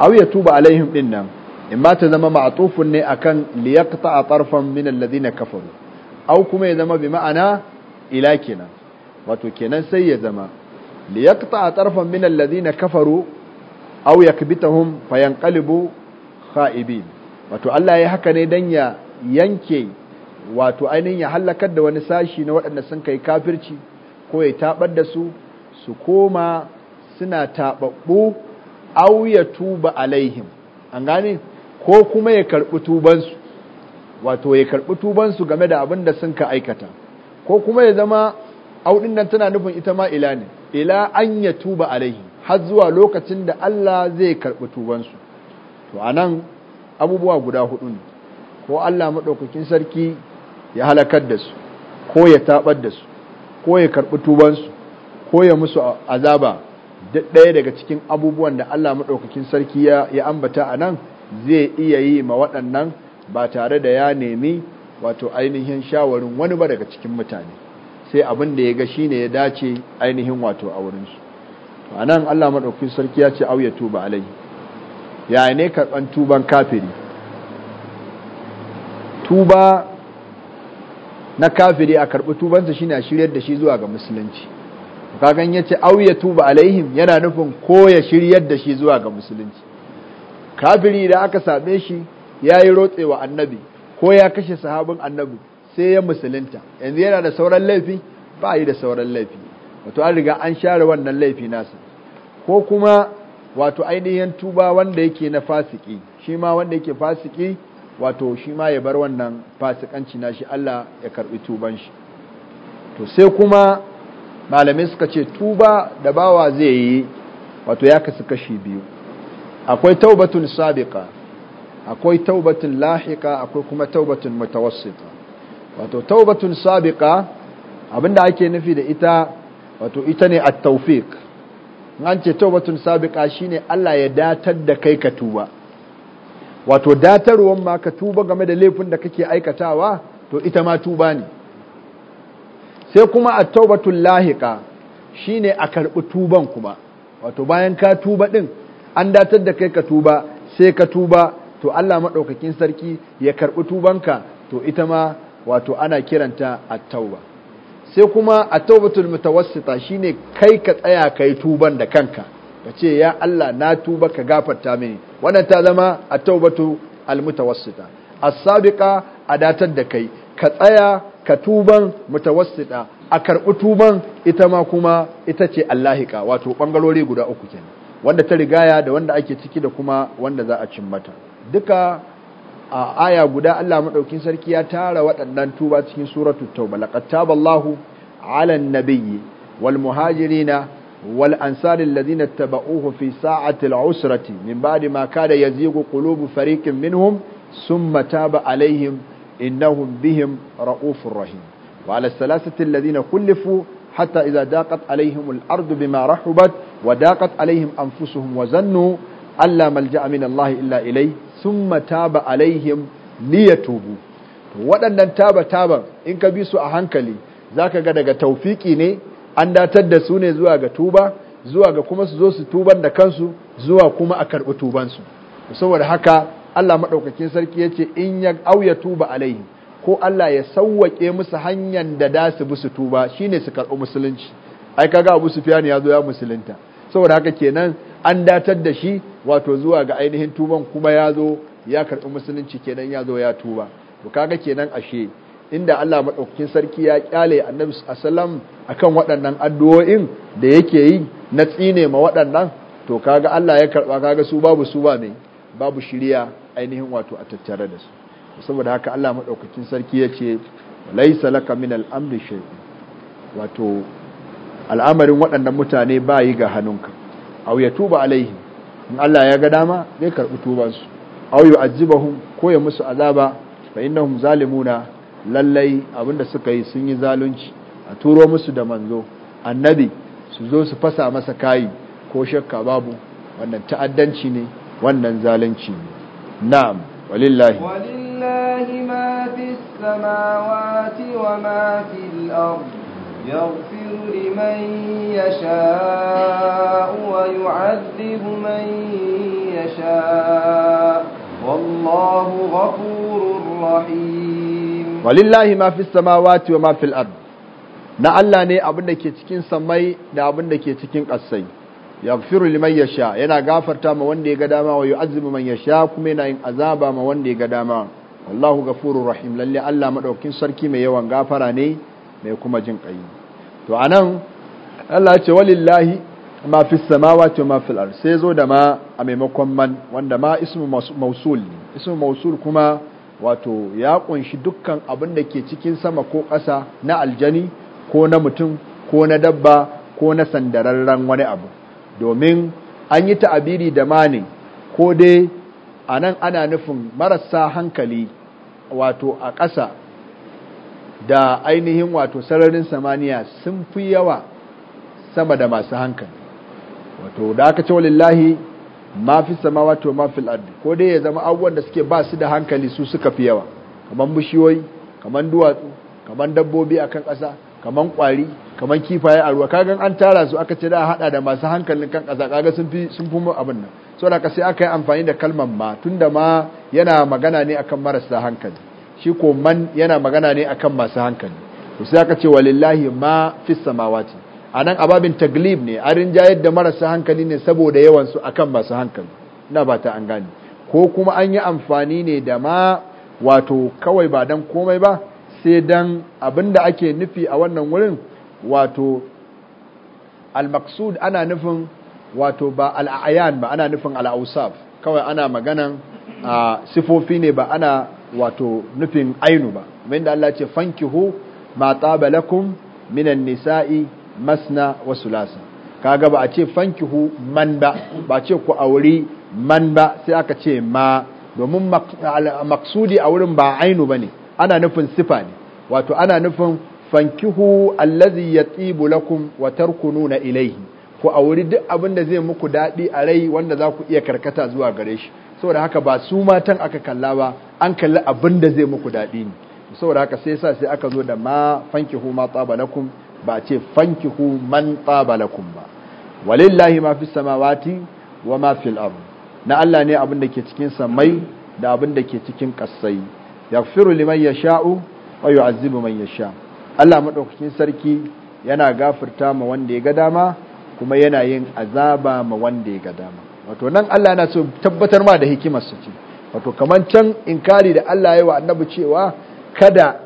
auya tuba alaihim din nan in ba ta zama ma'atufun ne akan liyaqta tarfan min alladhina kafaru au kuma ya zama bi ma'ana ila kenan wato kenan sai ya zama liyaqta tarfan min alladhina kafaru aw yakbitahum fayanqalibu kha'ibin wato Allah ya haka ne dan ya yanke wato ainihin ya halakar da wani sashi na waɗanda sun kai kafirci ko ya tabar da su su koma suna taɓaɓɓu au ya tuba alaihim an gane ko kuma ya karɓi tubansu wato ya karɓi tubansu game da abin da sun ka aikata ko kuma ya zama auɗin nan tana nufin ita ma ila ne ila an ya tuba alaihim har zuwa lokacin da Allah zai karɓi tubansu to anan abubuwa guda hudu ne ko Allah maɗaukakin sarki ya halakar da su ko ya taɓar da su ko ya karɓi tubansu koya musu azaba ɗaya daga cikin abubuwan da Allah maɗaukakin sarki ya ambata a nan zai iya yi ma waɗannan ba tare da ya nemi wato ainihin shawarin wani ba daga cikin mutane sai abin da ya ga shine ya dace ainihin wato a wurinsu a nan Allah maɗaukakin sarki ya ce ya tuba alai ya ne karɓan tuban kafiri tuba na kafiri a karɓi tubansa shine a shiryar da shi zuwa ga musulunci ya ce au ya tuba alaihim yana nufin ko ya shiryar da shi zuwa ga musulunci kafiri da aka same shi ya yayi wa annabi ko ya kashe sahabin annabi sai ya musulunta yanzu yana da sauran laifi ba yi da sauran laifi wato an riga an share wannan laifi nasa ko kuma wato ainihin tuba wanda yake na fasiki shi ma wanda yake fasiki wato shi ma ya bar wannan fasikanci na shi Allah ya karbi tuban shi to sai kuma malamai suka ce tuba da bawa zai yi wato ya kasu kashi biyu akwai taubatun sabiqa akwai taubatun lahika akwai kuma taubatun mutawassita wato taubatun sabiqa abinda ake nufi da ita wato ita ne at-tawfiq an ce taubatun sabiqa shine Allah ya datar da kai ka tuba wato datarwan ma ka tuba game da laifin da kake aikatawa to ita ma tuba ne sai kuma a taubatun lahiƙa shi ne a karɓi tuban kuma wato bayan ka tuba ɗin an datar da kai ka tuba sai ka tuba to Allah maɗaukakin sarki ya karɓi tubanka to ita ma wato ana kiranta a tauba sai kuma a ta'ubatun mutawassita shi ne kai ka tsaya ka yi tuban da kanka ka ce ya Allah na tuba ka gafarta mini wannan ta zama a taubatu almutawassita a sabiƙa a datar da kai ka tsaya ka tuban mutawassita a karɓi tuban ita ma kuma ita ce allahika wato ɓangarori guda uku kenan wanda ta rigaya da wanda ake ciki da kuma wanda za a cin mata duka a aya guda Allah madaukin sarki ya tara waɗannan tuba cikin suratu tauba laqad taballahu ala nabiyyi wal muhajirina wal ansari alladhina tabauhu fi sa'ati al usrati min ba'di ma kada yazigu qulubu fariqin minhum summa taba alaihim innahum bihim ra'ufur rahim wa ala salasati alladhina kullifu hatta idha daƙat alayhim al-ardu bima rahubat wa daqat alayhim anfusuhum wa zannu alla malja'a min Allah illa ilay thumma taba alayhim liyatubu wadannan taba taba in ka bi su a hankali zaka ga daga tawfiki ne an datar da su ne zuwa ga tuba zuwa ga kuma su zo su tuban da kansu zuwa kuma a karɓi tuban su saboda haka Allah maɗaukakin sarki ya ce in ya auya tuba alaihi ko Allah ya sauwaƙe musu hanyar da da su bi su tuba shine su karɓi musulunci ai kaga Abu Sufyan ya zo ya musulunta saboda haka kenan an datar da shi wato zuwa ga ainihin tuban kuma ya zo ya karɓi musulunci kenan ya zo ya tuba to kaga kenan ashe inda Allah maɗaukakin sarki ya kyale annabi a akan waɗannan addu'o'in da yake yi na tsine ma waɗannan to kaga Allah ya karɓa kaga su babu su mai babu shiriya ainihin wato a tattare da su saboda haka Allah madaukakin sarki yace laisa laka min al-amri shay'un wato al'amarin waɗannan mutane ba yi ga hannunka aw yatuba alaihim in Allah ya ga dama zai karbi tuban su aw yu'azzibahum ko ya musu azaba fa innahum zalimuna lallai abinda suka yi sun yi zalunci a turo musu da manzo annabi su zo su fasa masa kayi ko shakka babu wannan ta'addanci ne wannan zalunci ne نعم ولله ولله ما في السماوات وما في الأرض يغفر لمن يشاء ويعذب من يشاء والله غفور رحيم ولله ما في السماوات وما في الأرض na Allah ne abin da ke cikin samai da abin da ke cikin ƙasai yaghfiru liman yasha yana gafarta ma wanda ya ga dama wa yu'azzibu man yasha kuma yana yin azaba ma wanda ya ga dama wallahu ghafurur rahim lalle Allah madaukin sarki mai yawan gafara ne mai kuma jin kai to anan Allah ya ce walillahi ma fi samawati ma fil ard sai zo da ma a maimakon man wanda ma ismu mausul ismu mausul kuma wato ya kunshi dukkan abin da ke cikin sama ko ƙasa na aljani ko na mutum ko na dabba ko na sandararren wani abu domin an yi ta'abiri da mani ko dai a nan ana nufin marasa hankali wato a ƙasa da ainihin wato sararin samaniya sun fi yawa sama da masu hankali wato da aka ce walillahi ma fi sama wato ma fil ko dai ya zama abubuwan da suke ba su da hankali su suka fi yawa kamar bishiyoyi kamar duwatsu kamar dabbobi a kan ƙasa kaman kwari kaman kifaye a ruwa kagan an tara su aka ce da hada da masu hankalin kan kasa kaga sun fi sun fi abin nan saboda ka sai aka yi amfani da kalmar ma tunda ma yana magana ne akan marasa hankali shi ko man yana magana ne akan masu hankali to sai aka ce walillahi ma fis samawati anan ababin taglib ne arin jayar da marasa hankali ne saboda yawan su akan masu hankali ina ba ta an gane ko kuma an yi amfani ne da ma wato kawai ba dan komai ba sai dan da ake nufi a wannan wurin wato al-maqsud ana nufin wato ba al ba ana nufin al kawai ana maganan sifofi ne ba ana wato nufin ainu ba min da Allah ce fankihu ma taba lakum minan nisa'i masna wa sulasa kaga ba a ce fankihu man ba ba ce ku auri man ba sai aka ce ma domin maksudi a wurin ba ainu bane ana nufin sifa ne wato ana nufin fankihu allazi yatibu lakum wa tarkununa ilayhi ku auri duk abin da zai muku dadi a rai wanda za ku iya karkata zuwa gare shi saboda haka ba su matan aka kalla ba an kalli abin da zai muku dadi ne saboda haka sai sa sai aka zo da ma fankihu ma taba ba ce fankihu man taba ba walillahi ma fi samawati wa ma fil ard na Allah ne abin da ke cikin samai da abin da ke cikin kasai yaghfiru liman yasha'u wa yu'azzibu man yasha Allah madaukakin sarki yana gafarta ma wanda ya ga dama kuma yana yin azaba ma wanda ya ga dama wato nan Allah yana so tabbatar ma da hikimar sa ce wato kaman can inkari da Allah ya wa annabi cewa kada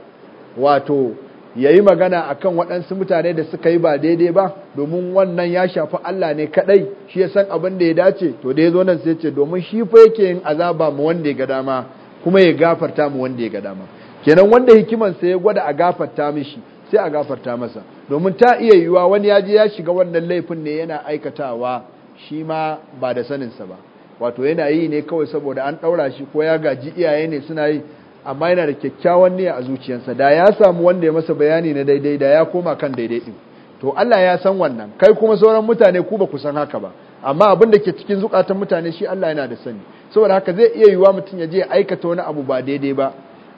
wato yayi magana akan waɗansu mutane da suka yi ba daidai ba domin wannan ya shafi Allah ne kadai shi ya san abin da ya dace to da yazo nan sai ya ce domin shi fa yake yin azaba ma wanda ya ga dama kuma ya gafarta mu wanda ya ga dama kenan wanda hikiman hikimansa ya gwada a gafarta mishi sai a gafarta masa domin ta iya yiwuwa wani ya je ya shiga wannan laifin ne yana aikatawa shi ma ba da saninsa ba wato yana yi ne kawai saboda an ɗaura shi ko ya gaji iyaye ne suna yi amma yana da kyakkyawan niyya a zuciyarsa da ya samu wanda ya masa bayani na daidai da ya koma kan daidai din to Allah ya san wannan kai kuma sauran mutane ku ba ku san haka ba amma abin da ke cikin zukatan mutane shi Allah yana da sani saboda haka zai iya yiwuwa mutum ya je aikata wani abu ba daidai ba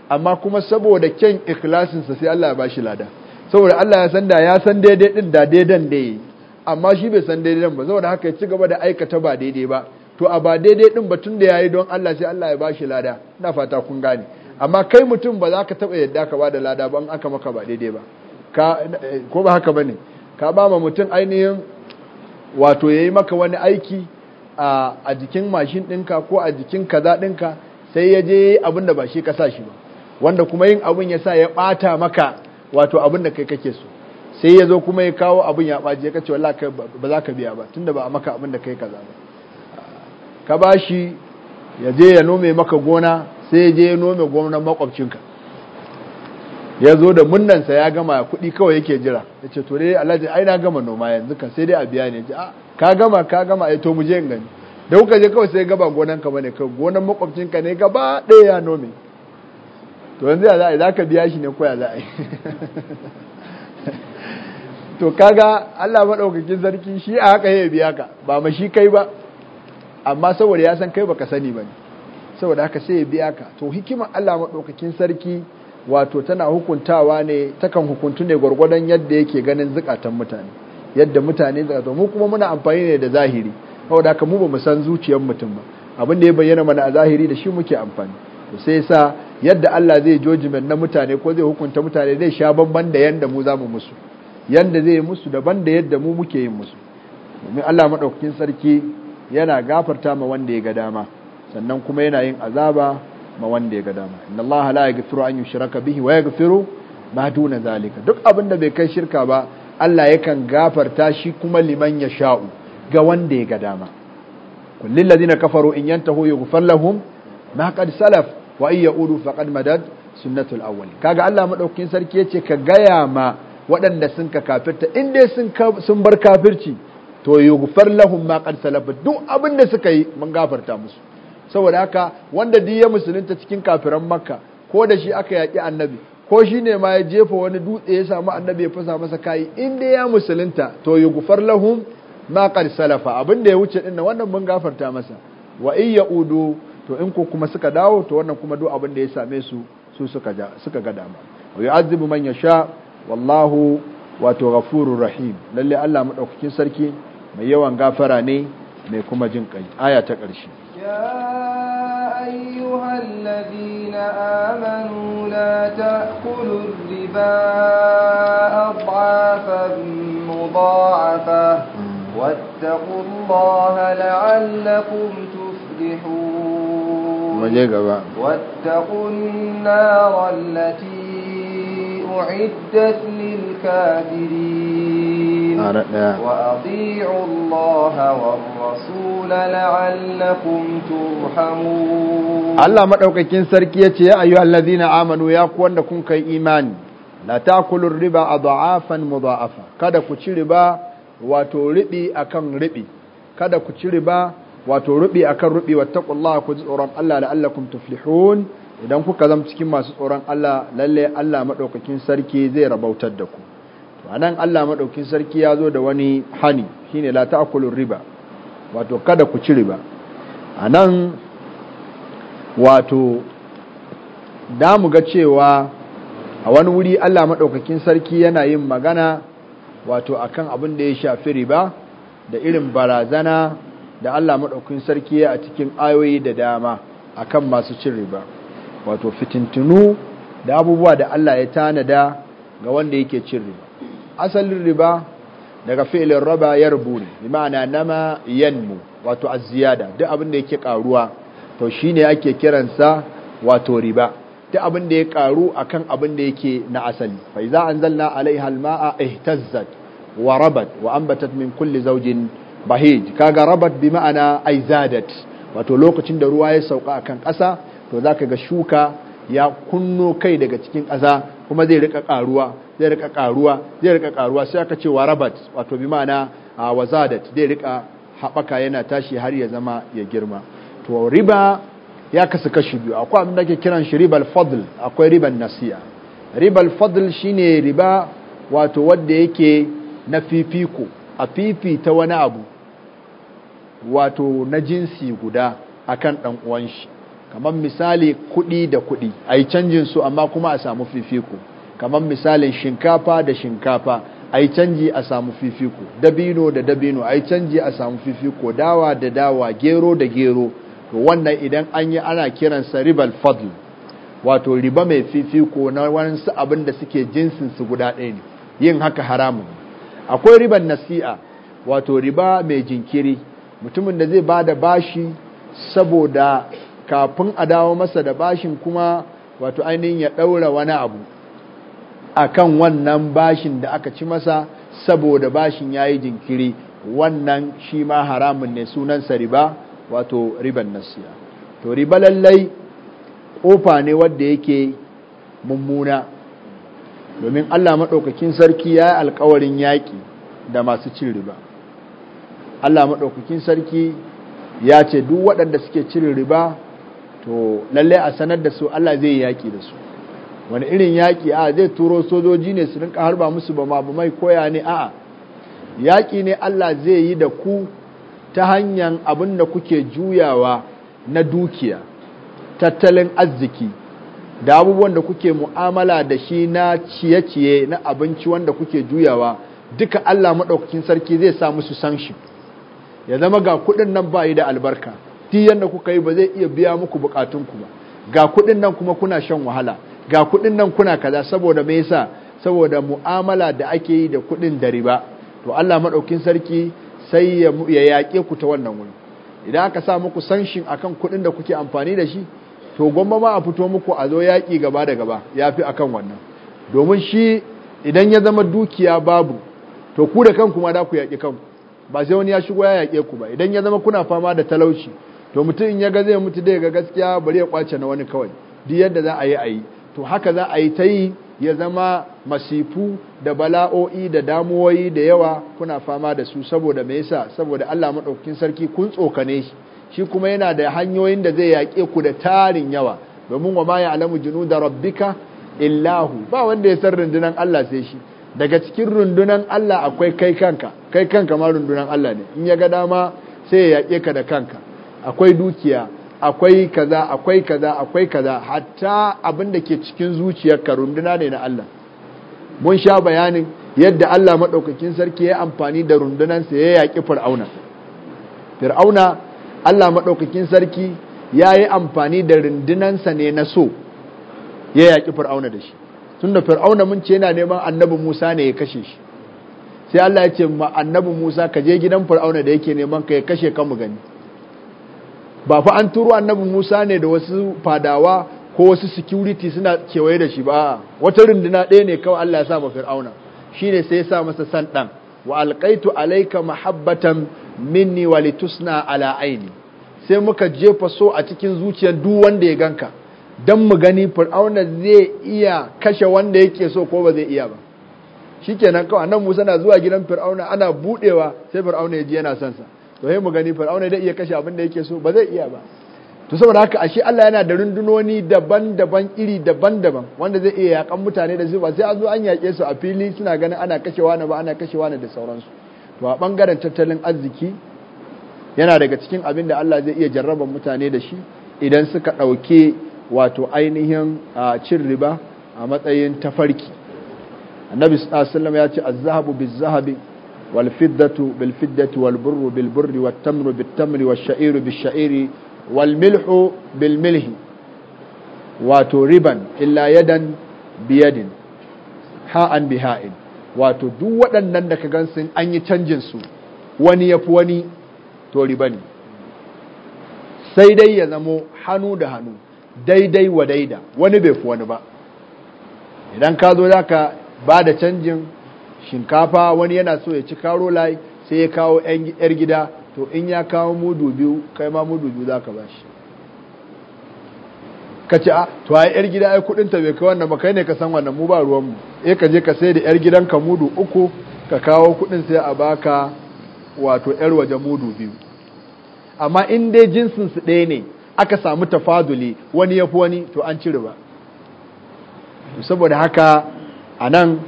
amma kuma saboda kyan ikhlasinsa sai Allah ya bashi lada saboda Allah ya san da ya san daidai din da daidan da yi amma shi bai san daidai ba saboda haka ya ci gaba da aikata ba daidai ba to a ba daidai din tun da yayi don Allah sai Allah ya bashi lada ina fata kun gane amma kai mutum ba za ka taba yadda ka ba da lada ba in aka maka ba daidai ba ko ba haka bane ka ba ma mutum ainihin wato ya yi maka wani aiki a jikin mashin ɗinka ko a jikin kaza ɗinka sai ya je abin da ba shi ka sa shi ba wanda kuma yin abin ya sa ya ɓata maka wato abin da kai kake so sai ya zo kuma ya kawo abin ya ɓaji ya kace wala ba za ka biya ba tunda ba a maka abin da kai kaza ba ka ba shi ya je ya nome maka gona sai ya je ya nome gonar makwabcinka ya zo da munnansa ya gama kuɗi kawai yake jira ya ce to alhaji ai na gama noma yanzu kan sai dai a biya ne a ah, ka gama ka gama ai to mu je in gani da kuka je kawai sai gaba gonan ka bane kai gonan makwabcin ka ne gaba ɗaya ya nome to yanzu ya za a za ka biya shi ne ko ya za a yi to kaga Allah maɗaukakin sarki shi a haka ya biya ka ba ma shi kai ba amma saboda ya san kai baka sani ba ne saboda haka sai ya biya ka to hikimar Allah maɗaukakin sarki wato tana hukuntawa ne takan hukuntu ne gwargwadon yadda yake ganin zukatan mutane yadda mutane zukatan mu kuma muna amfani ne da zahiri saboda haka mu bamu san zuciyar mutum ba abin da ya bayyana mana a zahiri da shi muke amfani to sai yasa yadda Allah zai jojimen na mutane ko zai hukunta mutane zai sha bamban da yanda mu zamu musu yanda zai musu daban da yadda mu muke yin musu domin Allah madaukakin sarki yana gafarta ma wanda ya ga dama sannan kuma yana yin azaba ma wanda ya ga dama inna allaha la yaghfiru an yushraka bihi wa yaghfiru ma duna zalika duk abin da bai kai shirka ba Allah yakan gafarta shi kuma liman ya sha'u ga wanda ya ga dama kullil ladina kafaru in yantahu yughfar lahum ma qad salaf wa ay ya'udu faqad madad sunnatul awwal kaga Allah madaukin sarki yace ka gaya ma waɗanda sun ka kafirta in dai sun sun bar kafirci to yughfar lahum ma qad salaf duk abin da suka yi mun gafarta musu saboda haka wanda duk ya musulunta cikin kafiran makka ko da shi aka yaƙi annabi ko shi ne ma ya jefa wani dutse ya samu annabi ya fasa masa kayi in dai ya musulunta to ya gufar lahum ma qad salafa abin da ya wuce din wannan mun gafarta masa wa in yaudu to in ko kuma suka dawo to wannan kuma duk abin da ya same su su suka ja suka ga dama wa yu'azzibu man yasha wallahu wato ghafurur rahim lalle Allah madaukakin sarki mai yawan gafara ne mai kuma jin kai aya ta ƙarshe يا أيها الذين آمنوا لا تأكلوا الربا أضعافا مضاعفة واتقوا الله لعلكم تفلحون واتقوا النار التي أعدت للكافرين وأطيعوا الله والرسول لعلكم ترحمون الله ما كين سركي يا ايها الذين امنوا يا كون دا كون كاي إيمان لا تاكلوا الربا اضعافا مضاعفا كدا ku ربا واتو ربي اكن ربي كدا kada ربا واتو ربي اكن ربي واتقوا الله wattaqullaha الله لعلكم تفلحون Allah la'allakum idan kuka zama cikin masu tsoron Allah lalle Allah madaukakin sarki zai rabautar da ku anan Allah maɗaukin sarki ya zo da wani hani shine la riba wato kada ku ci riba anan wato da ga cewa a wani wuri Allah maɗaukakin sarki yana yin magana wato akan abin da ya shafi riba da irin barazana da Allah maɗaukin sarki ya a cikin ayoyi da dama akan masu cin riba wato fitintunu da abubuwa da Allah ya tanada ga wanda yake cin riba asalin riba daga fi'ilin raba ya rubu ne bi ma'ana nama yanmu wato aziyada duk abin da yake karuwa to shine ake kiransa wato riba duk abin da ya karu akan abin da yake na asali fa iza anzalna alaiha alma'a ihtazzat wa rabat wa ambatat min kulli zawjin bahij kaga rabat bi ma'ana aizadat wato lokacin da ruwa ya sauka a kan kasa to zaka ga shuka ya kunno kai daga cikin kasa. kuma zai rika karuwa zai rika karuwa zai rika karuwa sai aka ce wa rabat wato bi ma'ana wazadat zai rika haɓaka yana tashi har ya zama ya girma to riba ya kasu kashi biyu akwai abin da ake kiran shi ribal fadl akwai riban nasiya ribal fadl shine riba wato wanda yake na fifiko a fifi ta wani abu wato na jinsi guda akan dan uwan shi kamar misali kuɗi da kuɗi a yi canjin su amma kuma a samu fifiko kamar misalin shinkafa da shinkafa a yi canji a samu fifiko dabino da dabino a yi canji a samu fifiko dawa da dawa gero da gero to wannan idan an yi ana kiransa ribal fadl wato riba mai fifiko na wasu abin da suke jinsin su guda ɗaya ne yin haka haramun akwai riban nasi'a wato riba mai jinkiri mutumin da zai ba da bashi saboda kafin a dawo masa da bashin kuma wato ainihin ya ɗaura wani abu akan wannan bashin da aka ci masa saboda bashin ya yi jinkiri wannan shi ma haramun ne sunansa riba wato riban nasiya to riba lallai ƙofa ne wadda yake mummuna domin allah maɗaukakin sarki ya yi alkawarin yaƙi da masu cin riba allah maɗaukakin sarki ya ce duk waɗanda suke cin riba to lallai a sanar da su Allah zai yaki da su wani irin yaki a zai turo sojoji ne su rinka harba musu ba ma mai koya ne a'a yaki ne Allah zai yi da ku ta hanyar abin da kuke juyawa na dukiya tattalin arziki da abubuwan da kuke mu'amala da shi na ciye-ciye na abinci wanda kuke juyawa duka Allah maɗaukakin sarki zai sa musu sanshi ya zama ga kuɗin nan bayi da albarka duk yanda kuka yi ba zai iya biya muku bukatun ku ba ga kudin nan kuma kuna shan wahala ga kudin nan kuna kaza saboda me yasa saboda mu'amala da ake yi da kudin da riba to Allah madaukin sarki sai ya yaƙe ku ta wannan wuri idan aka sa muku sanshin akan kudin da kuke amfani da shi to gwamma ma a fito muku a zo yaki gaba da gaba ya fi akan wannan domin shi idan ya zama dukiya babu to ku da kanku ma da ku yaki kanku ba sai wani ya shigo ya yake ku ba idan ya zama kuna fama da talauci to mutum in ya ga zai mutu dai ga gaskiya bari ya kwace na wani kawai duk yadda za a yi a to haka za a yi ta yi ya zama masifu da bala'o'i da damuwoyi da yawa kuna fama da su saboda me yasa saboda Allah madaukakin sarki kun tsokane shi shi kuma yana da hanyoyin da zai yaƙe ku da tarin yawa domin wa ma ya'lamu junuda rabbika illahu ba wanda ya san rundunan Allah sai shi daga cikin rundunan Allah akwai kai kanka kai kanka ma rundunan Allah ne in ya ga dama sai ya yaƙe ka da kanka akwai dukiya akwai kaza akwai kaza akwai kaza hatta abin da ke cikin zuciyarka runduna ne na Allah mun sha bayanin yadda Allah maɗaukakin sarki ya amfani da rundunansa ya yaƙi fir'auna fir'auna Allah maɗaukakin sarki ya yi amfani da rundunansa ne na so ya yaƙi fir'auna da shi tunda fir'auna mun ce yana neman annabi Musa ne ya kashe shi sai Allah ya ce ma annabi Musa ka je gidan fir'auna da yake neman ka ya kashe ka mu gani ba fa an turo annabi Musa ne da wasu fadawa ko wasu security suna kewaye da shi ba wata runduna ɗaya ne kawai Allah ya sa ma fir'auna shine sai ya sa masa san ɗan wa alqaitu alaika mahabbatan minni wa litusna ala aini sai muka jefa so a cikin zuciyar duk wanda ya ganka dan mu gani fir'auna zai iya kashe wanda yake so ko ba zai iya ba shikenan kawai annabi Musa na zuwa gidan fir'auna ana budewa sai fir'auna ya ji yana son sa to sai mu gani fir'auna da iya kashe abin da yake so ba zai iya ba to saboda haka ashe Allah yana da rundunoni daban-daban iri daban-daban wanda zai iya yakan mutane da zuba sai a zo an yake su a fili suna ganin ana kashewa na ba ana kashewa na da sauransu to a bangaren tattalin arziki yana daga cikin abin da Allah zai iya jarraba mutane da shi idan suka ɗauke wato ainihin cin riba a matsayin tafarki annabi sallallahu alaihi wasallam ya ce az-zahabu biz-zahabi والفضة بالفضة والبر بالبر والتمر بالتمر والشعير بالشعير والملح بالملح واتو ربا إلا يدا بيد ha'an bi ha'in wato duk waɗannan da ka gansu an yi canjin su wani yafi wani to riba sai dai ya zamo hannu da hannu daidai wa daida wani bai fi wani ba idan ka zo za ba da canjin shinkafa wani yana so ya ci karo lai sai ya kawo yar gida to in ya kawo mudu biyu kai ma mudu biyu za ka ba shi ka ci a ah, to a yar gida ai kudinta bai kai wannan ba kai ne ka san wannan mu ba ruwanmu eh ka je ka sai da yar gidanka mudu uku ka kawo kudin sai a baka wato yar waje mudu biyu amma in dai jinsin su ɗaya ne aka samu tafaduli wani ya fi wani to an ci riba saboda haka a nan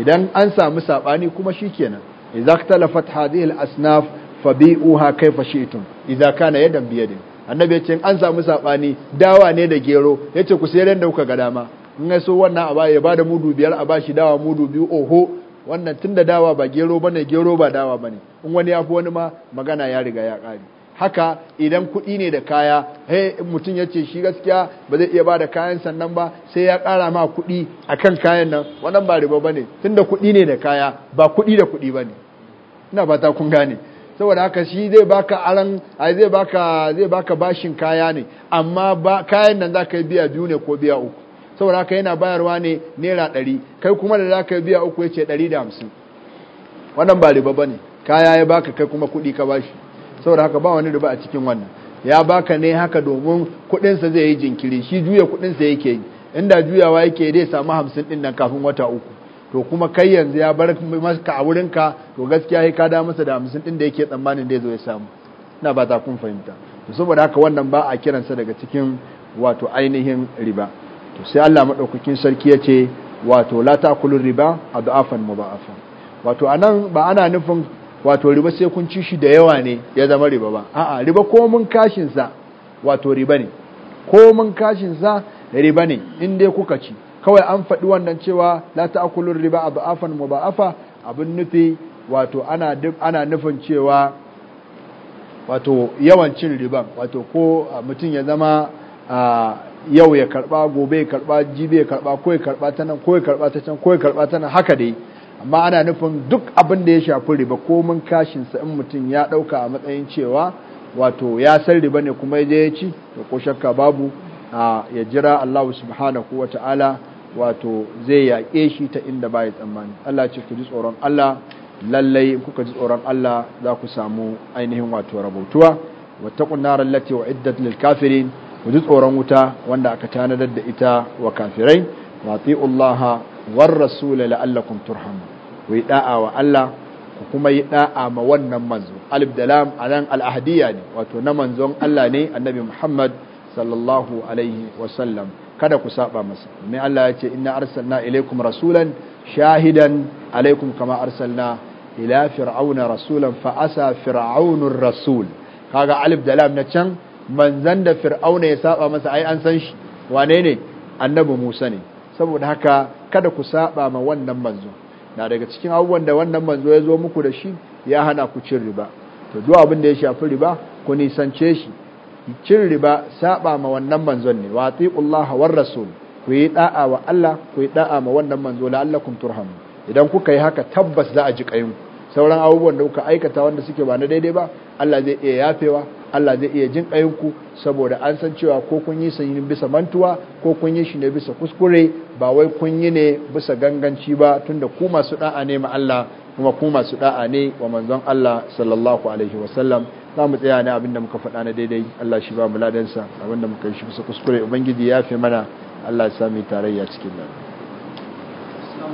idan an samu saɓani kuma shi kenan idza ikhtalafat hadhihi al-asnaf fabi'uha kayfa shi'tum idza kana yadan biyadin annabi ya ce an samu saɓani dawa ne da gero yace ku sayar da kuka ga dama in ya so wannan a baya ya bada mudu biyar a bashi dawa mudu biyu oho wannan tunda dawa ba gero bane gero ba dawa bane in wani ya fi wani ma magana ya riga ya kare haka idan kuɗi ne da kaya he mutum ya ce shi gaskiya ba zai iya ba da kayan sannan ba sai ya ƙara ma kuɗi a kan kayan nan wannan ba riba ba ne tun da kuɗi ne da kaya ba kuɗi da kuɗi ba ne ina ta kun gane saboda haka shi zai baka aran ai zai baka zai baka bashin kaya ne amma ba kayan nan zaka biya biyu ne ko biya uku saboda haka yana bayarwa ne naira ɗari kai kuma da zaka biya uku ya ce ɗari da hamsin wannan ba riba ba ne kaya ya baka kai kuma kuɗi ka bashi saboda haka ba wani riba a cikin wannan ya baka ne haka domin kuɗinsa zai yi jinkiri shi juya kuɗinsa yake yi inda juyawa yake dai samu hamsin ɗin nan kafin wata uku to kuma kai yanzu ya bar maka a wurinka to gaskiya ya kada masa da hamsin ɗin da yake tsammanin dai zo ya samu ina ba ta kun fahimta to saboda haka wannan ba a kiransa daga cikin wato ainihin riba to sai Allah madaukakin sarki ya ce wato la takulur riba adafan mudafan wato anan ba ana nufin wato riba sai kun ci shi da yawa ne ya zama riba ba a'a riba ko mun kashin sa wato riba ne ko mun kashin sa riba ne in dai kuka ci kawai an faɗi wannan cewa la ta'kulu riba adafan mudaafa abin nufi wato ana ana nufin cewa wato yawan cin riba wato ko mutum ya zama yau ya karba gobe ya karba jibe ya karba ko ya karba ta nan ko ya karba ta can ko ya karba ta nan haka dai amma ana nufin duk abin da ya shafi riba komin kashinsa in mutum ya ɗauka a matsayin cewa wato ya san riba ne kuma ya ci to ko shakka babu ya jira Allah subhanahu wa ta'ala wato zai yaƙe shi ta inda ba ya tsammani Allah ce ku ji tsoron Allah lallai kuka ji tsoron Allah za ku samu ainihin wato rabautuwa wattaqun nar wa uiddat lil kafirin ku ji tsoron wuta wanda aka tanadar da ita wa kafirai wa Allah war rasul la'allakum turhamun ku yi da'a wa Allah ku kuma yi da'a ma wannan manzo alif da lam anan al-ahdiyya ne wato na manzon Allah ne annabi Muhammad sallallahu alaihi wa sallam kada ku saba masa mai Allah ya ce inna arsalna ilaikum rasulan shahidan alaikum kama arsalna ila fir'auna rasulan fa asa fir'aunur rasul kaga alif da lam na can manzan da fir'auna ya saba masa ai an san shi wane ne annabi Musa ne saboda haka kada ku saba ma wannan manzo na daga cikin abubuwan da wannan manzo ya zo muku da shi ya hana ku cin riba to duk abin da ya shafi riba ku nisance shi cin riba saba ma wannan manzon ne wa atiqullaha war rasul ku yi da'a wa Allah ku yi da'a ma wannan manzo la la'allakum turhamu idan kuka yi haka tabbas za a ji kayin sauran abubuwan da kuka aikata wanda suke ba na daidai ba Allah zai iya yafewa Allah zai iya jin ƙayinku saboda an san cewa ko kun yi sanyi bisa mantuwa ko kun yi shi ne bisa kuskure ba wai kun yi ne bisa ganganci ba tunda ku masu da'a ne ma Allah kuma ku masu da'a ne wa manzon Allah sallallahu alaihi wasallam za mu tsaya ne abinda muka faɗa na daidai Allah shi ba mu ladansa abinda muka yi shi bisa kuskure ubangiji ya fi mana Allah ya sami tarayya cikin nan